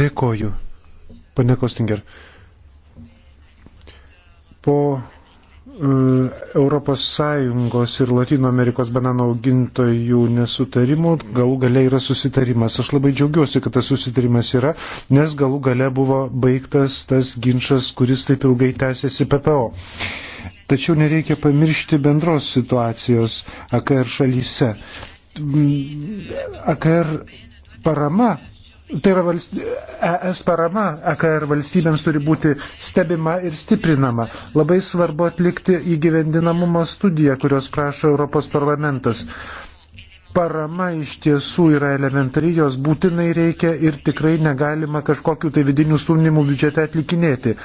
Dėkoju. Pane Kostinger. Po ES ir Latino Amerikos bananų augintojų nesutarimų galų gale yra susitarimas. Aš labai džiaugiuosi, kad tas susitarimas yra, nes galų gale buvo baigtas tas ginčas, kuris taip ilgai tęsiasi PPO. Tačiau nereikia pamiršti bendros situacijos AKR šalyse. AKR parama Tai yra valst... ES parama AKR valstybėms turi būti stebima ir stiprinama. Labai svarbu atlikti įgyvendinamumo studiją, kurios prašo Europos parlamentas. Parama iš tiesų yra elementari, jos būtinai reikia ir tikrai negalima kažkokiu tai vidinių stumdymų biudžete atlikinėti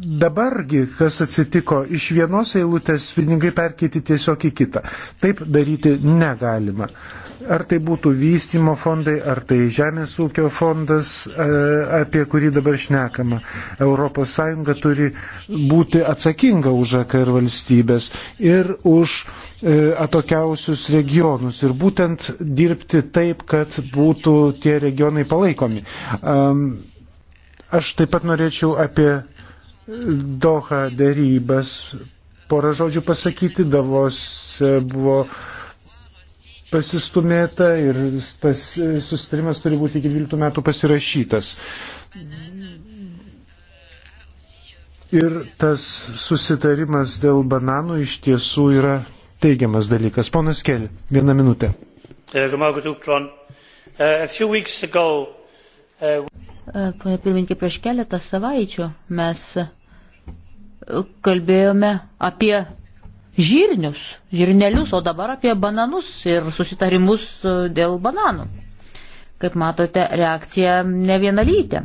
dabargi, kas atsitiko, iš vienos eilutės pinigai perkėti tiesiog į kitą. Taip daryti negalima. Ar tai būtų vystimo fondai, ar tai žemės ūkio fondas, e, apie kurį dabar šnekama. ES turi būti atsakinga už AKR valstybės ir už e, atokiausius regionus. Ir būtent dirbti taip, kad būtų tie regionai palaikomi. Aš taip pat norėčiau apie Doha dėrybas. Porą žodžių pasakyti, Davos buvo pasistumėta ir pas, sustarimas turi būti iki 12 metų pasirašytas. Ir tas susitarimas dėl bananų iš tiesų yra teigiamas dalykas. Ponas Keli, vieną minutę. Eh, Pane pirmininkė, prieš keletą savaičių mes kalbėjome apie žirnius, žirnelius, o dabar apie bananus ir susitarimus dėl bananų. Kaip matote, reakcija ne vienalytė.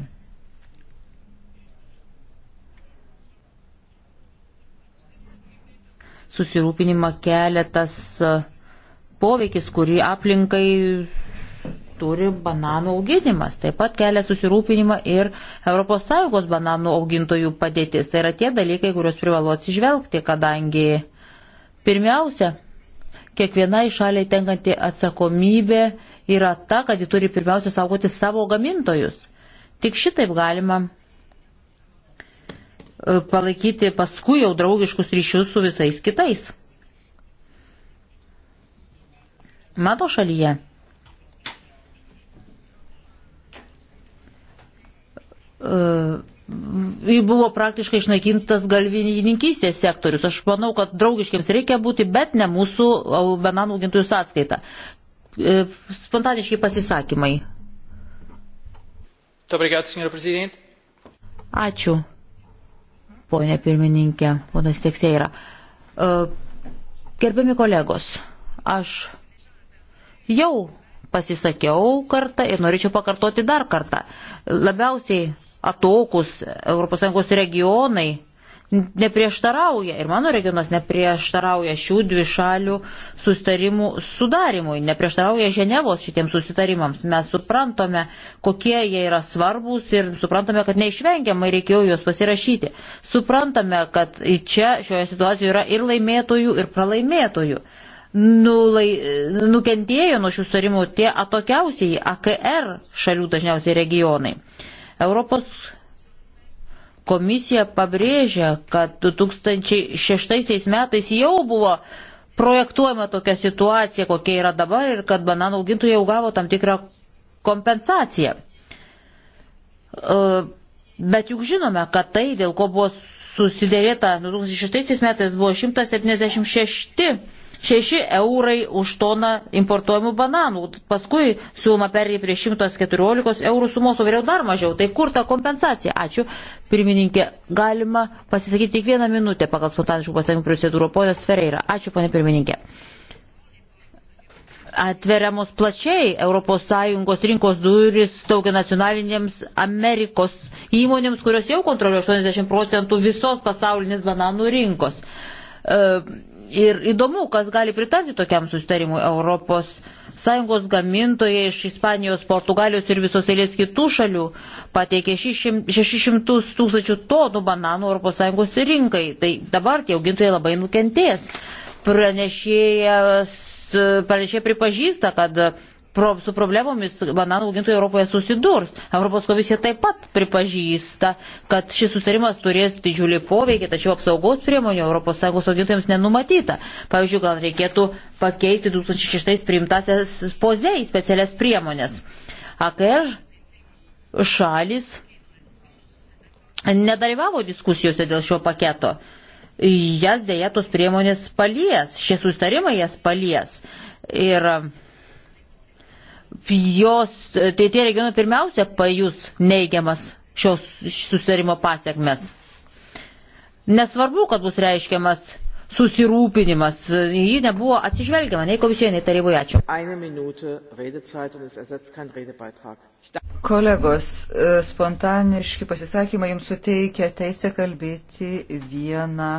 Susirūpinimą keletas poveikis, kurį aplinkai turi bananų auginimas. Taip pat kelia susirūpinimą ir ES bananų augintojų padėtis. Tai yra tie dalykai, kuriuos privalu atsižvelgti, kadangi pirmiausia, kiekvienai šaliai tenkanti atsakomybė yra ta, kad ji turi pirmiausia saugoti savo gamintojus. Tik šitaip galima e, palaikyti paskui jau draugiškus ryšius su visais kitais. Mato šalyje buvo praktiškai išnaikintas galvininkystės sektorius. Aš manau, kad draugiškiams reikia būti, bet ne mūsų bananų augintojų sąskaita. E, spontaniški pasisakymai. Ačiū, ponė pirmininkė, ponas Tekseira. E, gerbiami kolegos, aš jau pasisakiau kartą ir norėčiau pakartoti dar kartą. Labiausiai atokus ES regionai neprieštarauja ir mano regionas neprieštarauja šių dvi šalių sustarimų sudarimui, neprieštarauja Ženevos šitiems susitarimams. Mes suprantame, kokie jie yra svarbus ir suprantame, kad neišvengiamai reikėjo juos pasirašyti. Suprantame, kad čia šioje situacijoje yra ir laimėtojų, ir pralaimėtojų. Nulai, nukentėjo nuo šių sustarimų tie atokiausiai AKR šalių dažniausiai regionai. Uh, Europos komisija pabrėžia, kad 2006 metais jau buvo projektuojama tokia situacija, kokia yra dabar ir kad bananų augintojai jau gavo tam tikrą kompensaciją. E, bet juk žinome, kad tai, dėl ko buvo susidėrėta 2006 metais, buvo 176 6 eurai už toną importuojamų bananų. Paskui siūloma perėti prie 114 eurų sumos, o vėliau dar mažiau. Tai kur ta kompensacija? Ačiū. Pirmininkė, galima pasisakyti tik vieną minutę pagal spontaniškų pasirinkimų procedūrų. Ponas Fereira. Ačiū, ponė pirmininkė. Atveriamos plačiai ES rinkos duris daugia nacionalinėms Amerikos įmonėms, kurios jau kontroliuoja 80 procentų visos pasaulinės bananų rinkos. Uh, Ir įdomu, kas gali pritarti tokiam sustarimui. Europos Sąjungos gamintojai iš Ispanijos, Portugalijos ir visos eilės kitų šalių pateikė 600 tūkstančių tonų bananų Europos Sąjungos rinkai. Tai dabar tie augintojai labai nukentės. Pranešėjas, pranešėjas pripažįsta, kad pro, su problemomis bananų augintojai Europoje susidurs. Europos komisija taip pat pripažįsta, kad šis sustarimas turės didžiulį poveikį, tačiau apsaugos priemonių ES augintojams nenumatyta. Pavyzdžiui, gal reikėtų pakeiti 2006 priimtasias pozei specialias priemonės. AKR šalis nedalyvavo diskusijose dėl šio paketo. Jas dėja tos priemonės palies, šie sustarimai jas palies. Ir jos, tai tie regionai pirmiausia pajus neigiamas šios susitarimo pasiekmes. Nesvarbu, kad bus reiškiamas susirūpinimas, jį nebuvo atsižvelgiama, nei komisijonai taryboje. Ačiū. Kolegos, e, spontaniški pasisakymai jums suteikia teisę kalbėti vieną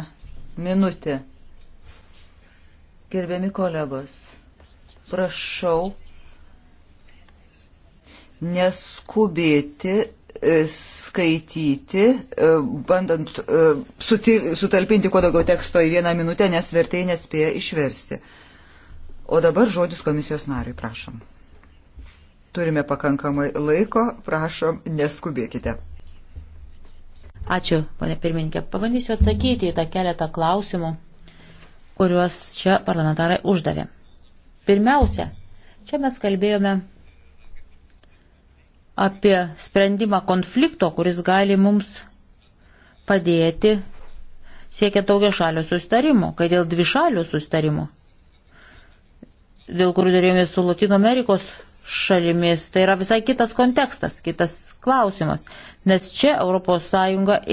minutę. Gerbiami kolegos, prašau neskubėti e, skaityti, e, bandant e, sutalpinti kuo daugiau teksto į vieną minutę, nes vertėjai nespėja išversti. O dabar žodis komisijos nariui, prašom. Turime pakankamai laiko, prašom, neskubėkite. Ačiū, ponė pirmininkė. Pabandysiu atsakyti į tą keletą klausimų, kuriuos čia parlamentarai uždavė. Pirmiausia, čia mes kalbėjome apie sprendimą konflikto, kuris gali mums padėti siekia daugia šalių sustarimo, kai dėl dvi šalių sustarimo, dėl kurių darėjome su Latino Amerikos šalimis, tai yra visai kitas kontekstas, kitas klausimas, nes čia ES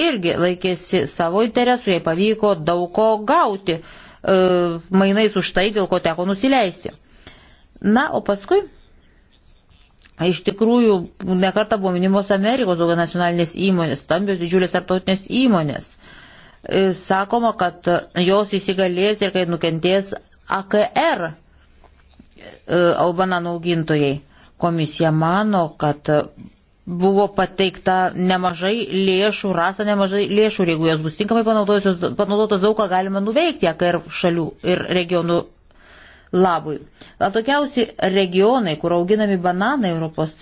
irgi laikėsi savo interesų, jai pavyko daug ko gauti, e, mainais už tai, dėl ko teko nusileisti. Na, o paskui Iš tikrųjų, nekarta buvo minimos Amerikos daugia nacionalinės įmonės, stambios didžiulės tarptautinės įmonės. E, sakoma, kad jos įsigalės ir kai nukentės AKR e, albananų augintojai. Komisija mano, kad buvo pateikta nemažai lėšų, rasa nemažai lėšų ir jeigu jos bus tinkamai panaudotos, daug ką galima nuveikti AKR šalių ir regionų labui. Atokiausi regionai, kur auginami bananai ES,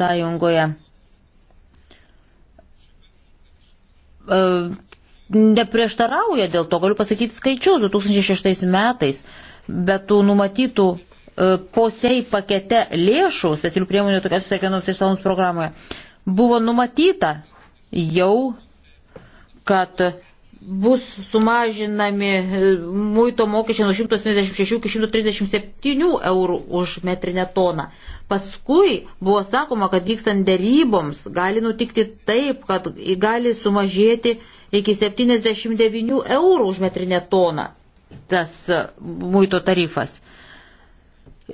e, neprieštarauja dėl to, galiu pasakyti skaičių, 2006 metais, bet tų numatytų e, posei pakete lėšų, specialių priemonių tokios sveikinoms ir saloms programoje, buvo numatyta jau, kad bus sumažinami e, muito mokesčiai nuo 176 iki 137 eurų už metrinę toną. Paskui buvo sakoma, kad vykstant deryboms gali nutikti taip, kad gali sumažėti iki 79 eurų už metrinę toną tas e, muito tarifas.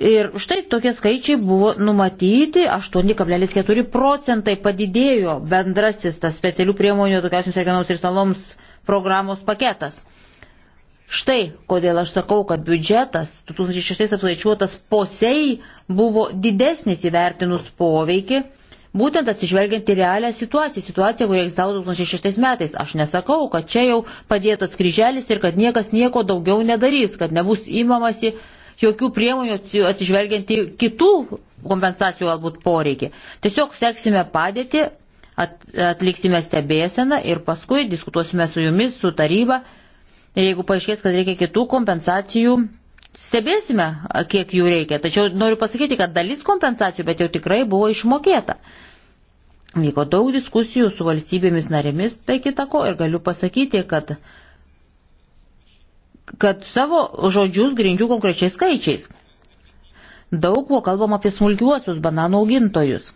Ir štai tokie skaičiai buvo numatyti, 8,4 procentai padidėjo bendrasis tas specialių priemonių edukacijos regionams ir saloms programos paketas. Štai kodėl aš sakau, kad biudžetas 2006 apskaičiuotas posei buvo didesnis įvertinus poveikį, būtent atsižvelgiant į realią situaciją, situaciją, kurią egzistavo 2006 metais. Aš nesakau, kad čia jau padėtas kryželis ir kad niekas nieko daugiau nedarys, kad nebus įmamasi jokių priemonių atsižvelgiant į kitų kompensacijų galbūt poreikį. Tiesiog seksime padėtį, at, atliksime stebėseną ir paskui diskutuosime su jumis, su taryba. Ir jeigu paaiškės, kad reikia kitų kompensacijų, stebėsime, kiek jų reikia. Tačiau noriu pasakyti, kad dalis kompensacijų, bet jau tikrai buvo išmokėta. Vyko daug diskusijų su valstybėmis narėmis, tai kitako, ir galiu pasakyti, kad uh, kad savo žodžius grindžių konkrečiais skaičiais. Daug buvo kalbama apie smulkiuosius bananų augintojus.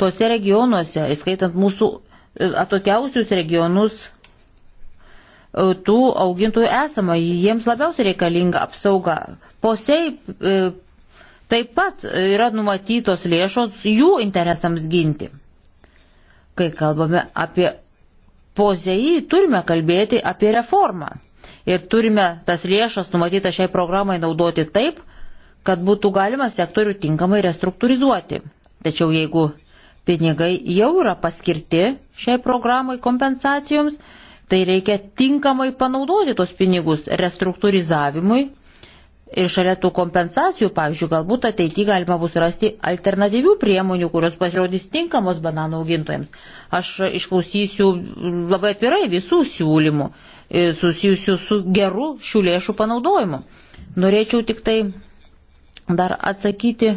Tuose regionuose, įskaitant mūsų e, atokiausius regionus, e, tų augintojų esama, jiems labiausiai reikalinga apsauga. Posei e, taip pat yra numatytos lėšos jų interesams ginti. Kai kalbame apie posei, turime kalbėti apie reformą ir turime tas lėšas numatytas šiai programai naudoti taip, kad būtų galima sektorių tinkamai restruktūrizuoti. Tačiau jeigu pinigai jau yra paskirti šiai programai kompensacijoms, tai reikia tinkamai panaudoti tos pinigus restruktūrizavimui Ir šalia tų kompensacijų, pavyzdžiui, galbūt ateityje galima bus rasti alternatyvių priemonių, kurios pasirodys tinkamos bananų augintojams. Aš išklausysiu labai atvirai visų siūlymų e, susijusių su geru šių lėšų panaudojimu. Norėčiau tik tai dar atsakyti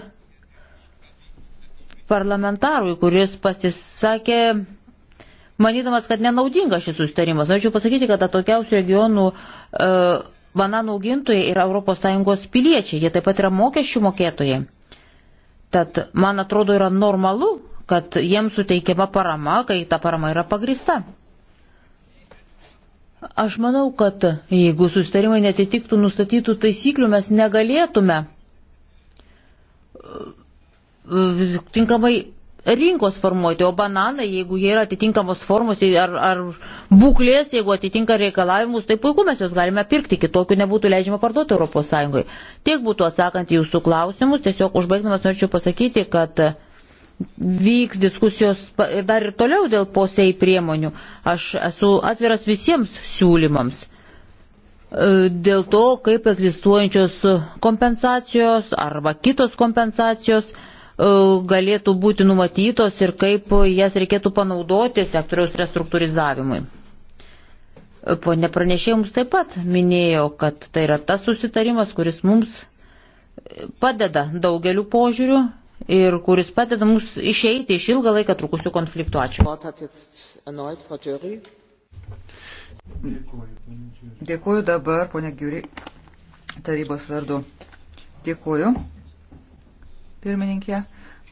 parlamentarui, kuris pasisakė, manydamas, kad nenaudinga šis sustarimas. Norėčiau pasakyti, kad atokiausių regionų uh, Bananų augintojai yra ES piliečiai, jie taip pat yra mokesčių mokėtojai. Tad, man atrodo, yra normalu, kad jiems suteikiama parama, kai ta parama yra pagrista. Aš manau, kad jeigu sustarimai netitiktų nustatytų taisyklių, mes negalėtume uh, tinkamai rinkos formuoti, o bananai, jeigu jie yra atitinkamos formos ar, ar būklės, jeigu atitinka reikalavimus, tai puiku mes juos galime pirkti, kitokių nebūtų leidžiama parduoti ES. Tiek būtų atsakant į jūsų klausimus, tiesiog užbaigdamas norėčiau pasakyti, kad vyks diskusijos dar ir toliau dėl posei priemonių. Aš esu atviras visiems siūlymams e, dėl to, kaip egzistuojančios kompensacijos arba kitos kompensacijos E, galėtų būti numatytos ir kaip jas reikėtų panaudoti sektoriaus restruktūrizavimui. E, pone pranešėjai mums taip pat minėjo, kad tai yra tas susitarimas, kuris mums e, padeda daugeliu požiūriu ir kuris padeda mums išeiti iš ilgą laiką trukusių konfliktų. Ačiū. Dėkuoju dabar, ponia Giuri, tarybos vardu. Dėkuoju pirmininkė,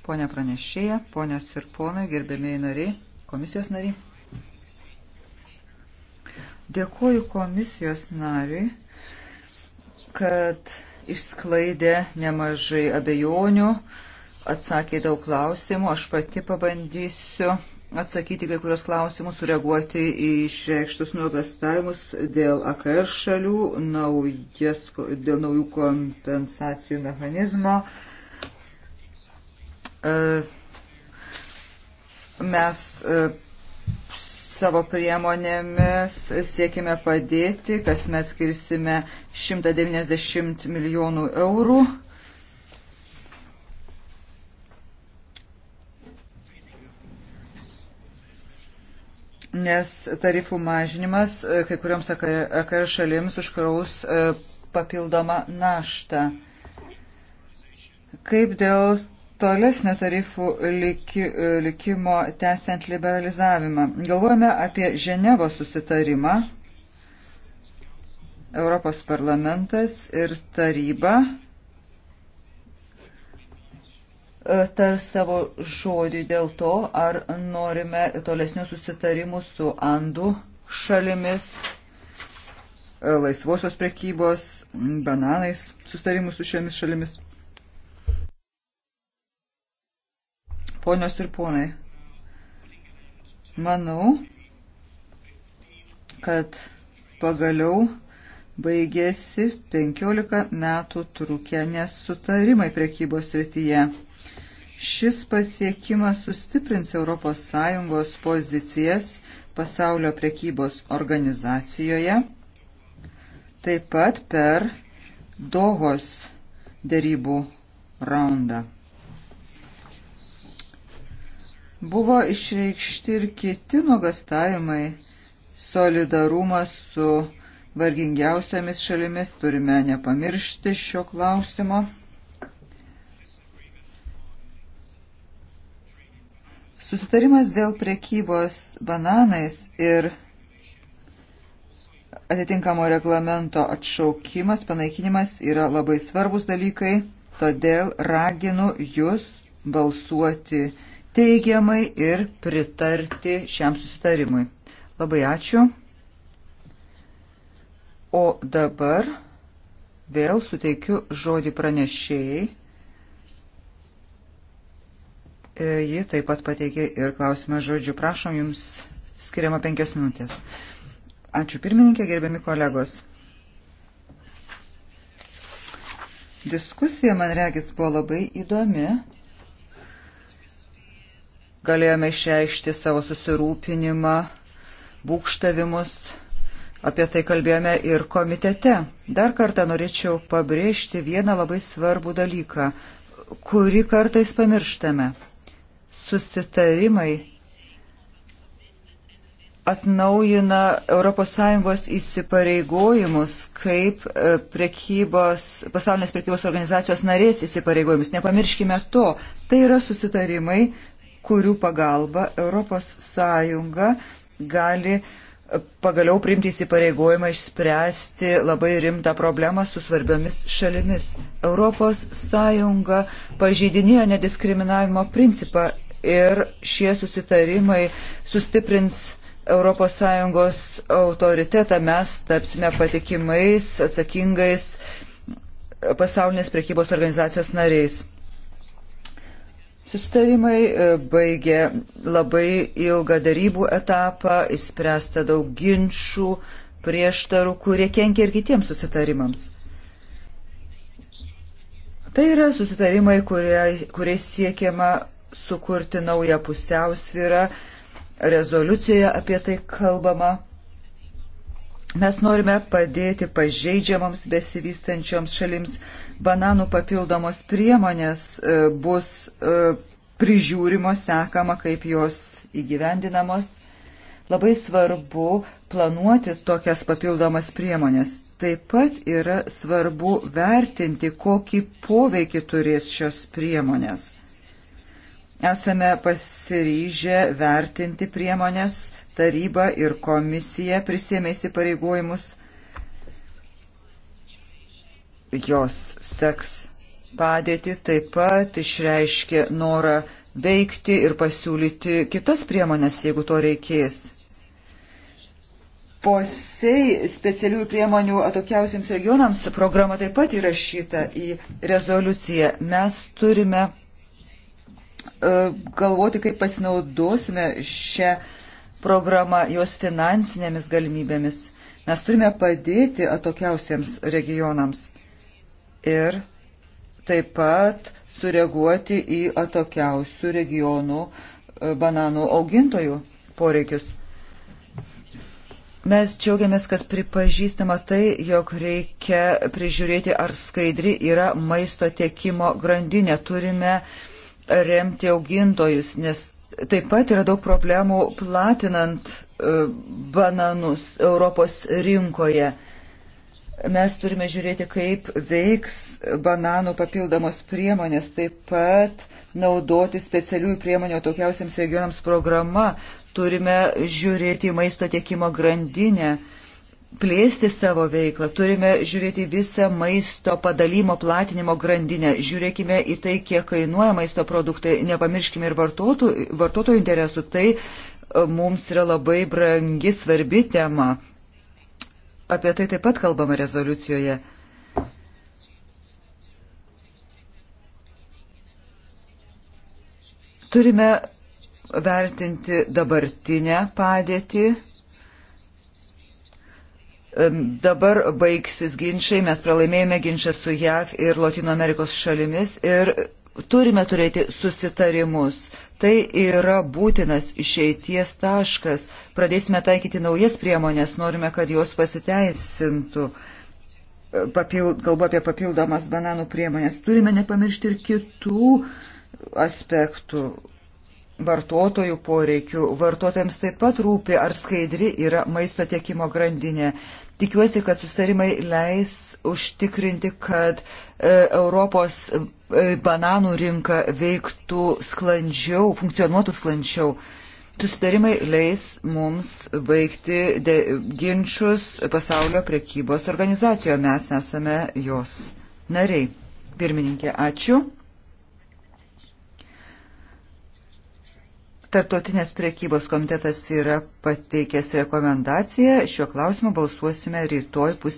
ponė pranešėja, ponės ir ponai, gerbėmiai nariai, komisijos nariai. Dėkuoju komisijos nariui, kad išsklaidė nemažai abejonių, atsakė daug klausimų, aš pati pabandysiu atsakyti kai kurios klausimus, sureaguoti į išreikštus nuogastavimus dėl AKR šalių, naujas, dėl naujų kompensacijų mechanizmo, E, mes e, savo priemonėmis siekime padėti, kas mes skirsime 190 milijonų eurų. Nes tarifų mažinimas e, kai kurioms AKR šalims užkraus papildomą naštą. Kaip dėl tolesnio tarifų liki, e, likimo tęsiant liberalizavimą. Galvojame apie Ženevo susitarimą. Europos parlamentas ir taryba e, tar savo žodį dėl to, ar norime tolesnių susitarimų su Andų šalimis, e, laisvosios prekybos, bananais, susitarimų su šiomis šalimis. ponios ir ponai. Manau, kad pagaliau baigėsi 15 metų trukę nesutarimai prekybos rytyje. Šis pasiekimas sustiprins ES pozicijas pasaulio prekybos organizacijoje, taip pat per Dohos dėrybų raundą. Buvo išreikšti ir kiti nuogastavimai - solidarumas su vargingiausiamis šalimis, turime nepamiršti šio klausimo. Susitarimas dėl prekybos bananais ir atitinkamo reglamento atšaukimas, panaikinimas yra labai svarbus dalykai, todėl raginu jūs balsuoti teigiamai ir pritarti šiam susitarimui. Labai ačiū. O dabar vėl suteikiu žodį pranešėjai. E, ji taip pat pateikė ir klausimą žodžiu. Prašom, jums skiriama penkios minutės. Ačiū pirmininkė, gerbiami kolegos. Diskusija, man regis, buvo labai įdomi galėjome išreikšti savo susirūpinimą, būkštavimus, apie tai kalbėjome ir komitete. Dar kartą norėčiau pabrėžti vieną labai svarbų dalyką, kurį kartais pamirštame. Susitarimai atnaujina ES įsipareigojimus kaip e, prekybos, pasaulinės prekybos organizacijos narės įsipareigojimus. Nepamirškime to. Tai yra susitarimai kurių pagalba ES gali e, pagaliau priimti įsipareigojimą išspręsti labai rimtą problemą su svarbiomis šalimis. ES pažeidinėjo nediskriminavimo principą ir šie susitarimai sustiprins ES autoritetą. Mes tapsime patikimais, atsakingais pasaulinės priekybos organizacijos nariais. Sustarimai e, baigė labai ilgą darybų etapą, įspręsta daug ginčių, prieštarų, kurie kenkia ir kitiems susitarimams. Tai yra susitarimai, kurie, kuriais siekiama sukurti naują pusiausvyrą, rezoliucijoje apie tai kalbama. Mes norime padėti pažeidžiamoms besivystančioms šalims. Bananų papildomos priemonės e, bus e, prižiūrimos, sekama, kaip jos įgyvendinamos. Labai svarbu planuoti tokias papildomas priemonės. Taip pat yra svarbu vertinti, kokį poveikį turės šios priemonės. Esame pasiryžę vertinti priemonės taryba ir komisija prisėmė įsipareigojimus. Jos seks padėti taip pat išreiškė norą veikti ir pasiūlyti kitas priemonės, jeigu to reikės. Posei specialiųjų priemonių atokiausiams regionams programa taip pat įrašyta į rezoliuciją. Mes turime e, galvoti, kaip pasinaudosime šią programa, jos finansinėmis galimybėmis. Mes turime padėti atokiausiems regionams ir taip pat sureaguoti į atokiausių regionų e, bananų augintojų poreikius. Mes džiaugiamės, kad pripažįstama tai, jog reikia prižiūrėti, ar skaidri yra maisto tiekimo grandinė. Turime remti augintojus, nes Taip pat yra daug problemų platinant e, bananus Europos rinkoje. Mes turime žiūrėti, kaip veiks bananų papildomos priemonės, taip pat naudoti specialiųjų priemonių tokiausiams regionams programa. Turime žiūrėti į maisto tiekimo grandinę plėsti savo veiklą, turime žiūrėti visą maisto padalymo platinimo grandinę, žiūrėkime į tai, kiek kainuoja maisto produktai, nepamirškime ir vartotojų, vartotojų interesų, tai e, mums yra labai brangi, svarbi tema. Apie tai taip pat kalbama rezoliucijoje. Turime vertinti dabartinę padėtį Dabar baigsis ginčiai, mes pralaimėjome ginčią su JAV ir Latino Amerikos šalimis ir turime turėti susitarimus. Tai yra būtinas išeities taškas. Pradėsime taikyti naujas priemonės, norime, kad jos pasiteisintų. Papild, kalbu apie papildomas bananų priemonės. Turime nepamiršti ir kitų aspektų vartotojų poreikių. Vartotojams taip pat rūpi, ar skaidri yra maisto tiekimo grandinė. Tikiuosi, kad sustarimai leis užtikrinti, kad e, Europos e, bananų rinka veiktų sklandžiau, funkcionuotų sklandžiau. Susitarimai leis mums baigti ginčius pasaulio prekybos organizacijoje. Mes esame jos nariai. Pirmininkė, ačiū. Tartotinės priekybos komitetas yra pateikęs rekomendaciją. Šiuo klausimu balsuosime rytoj pusę.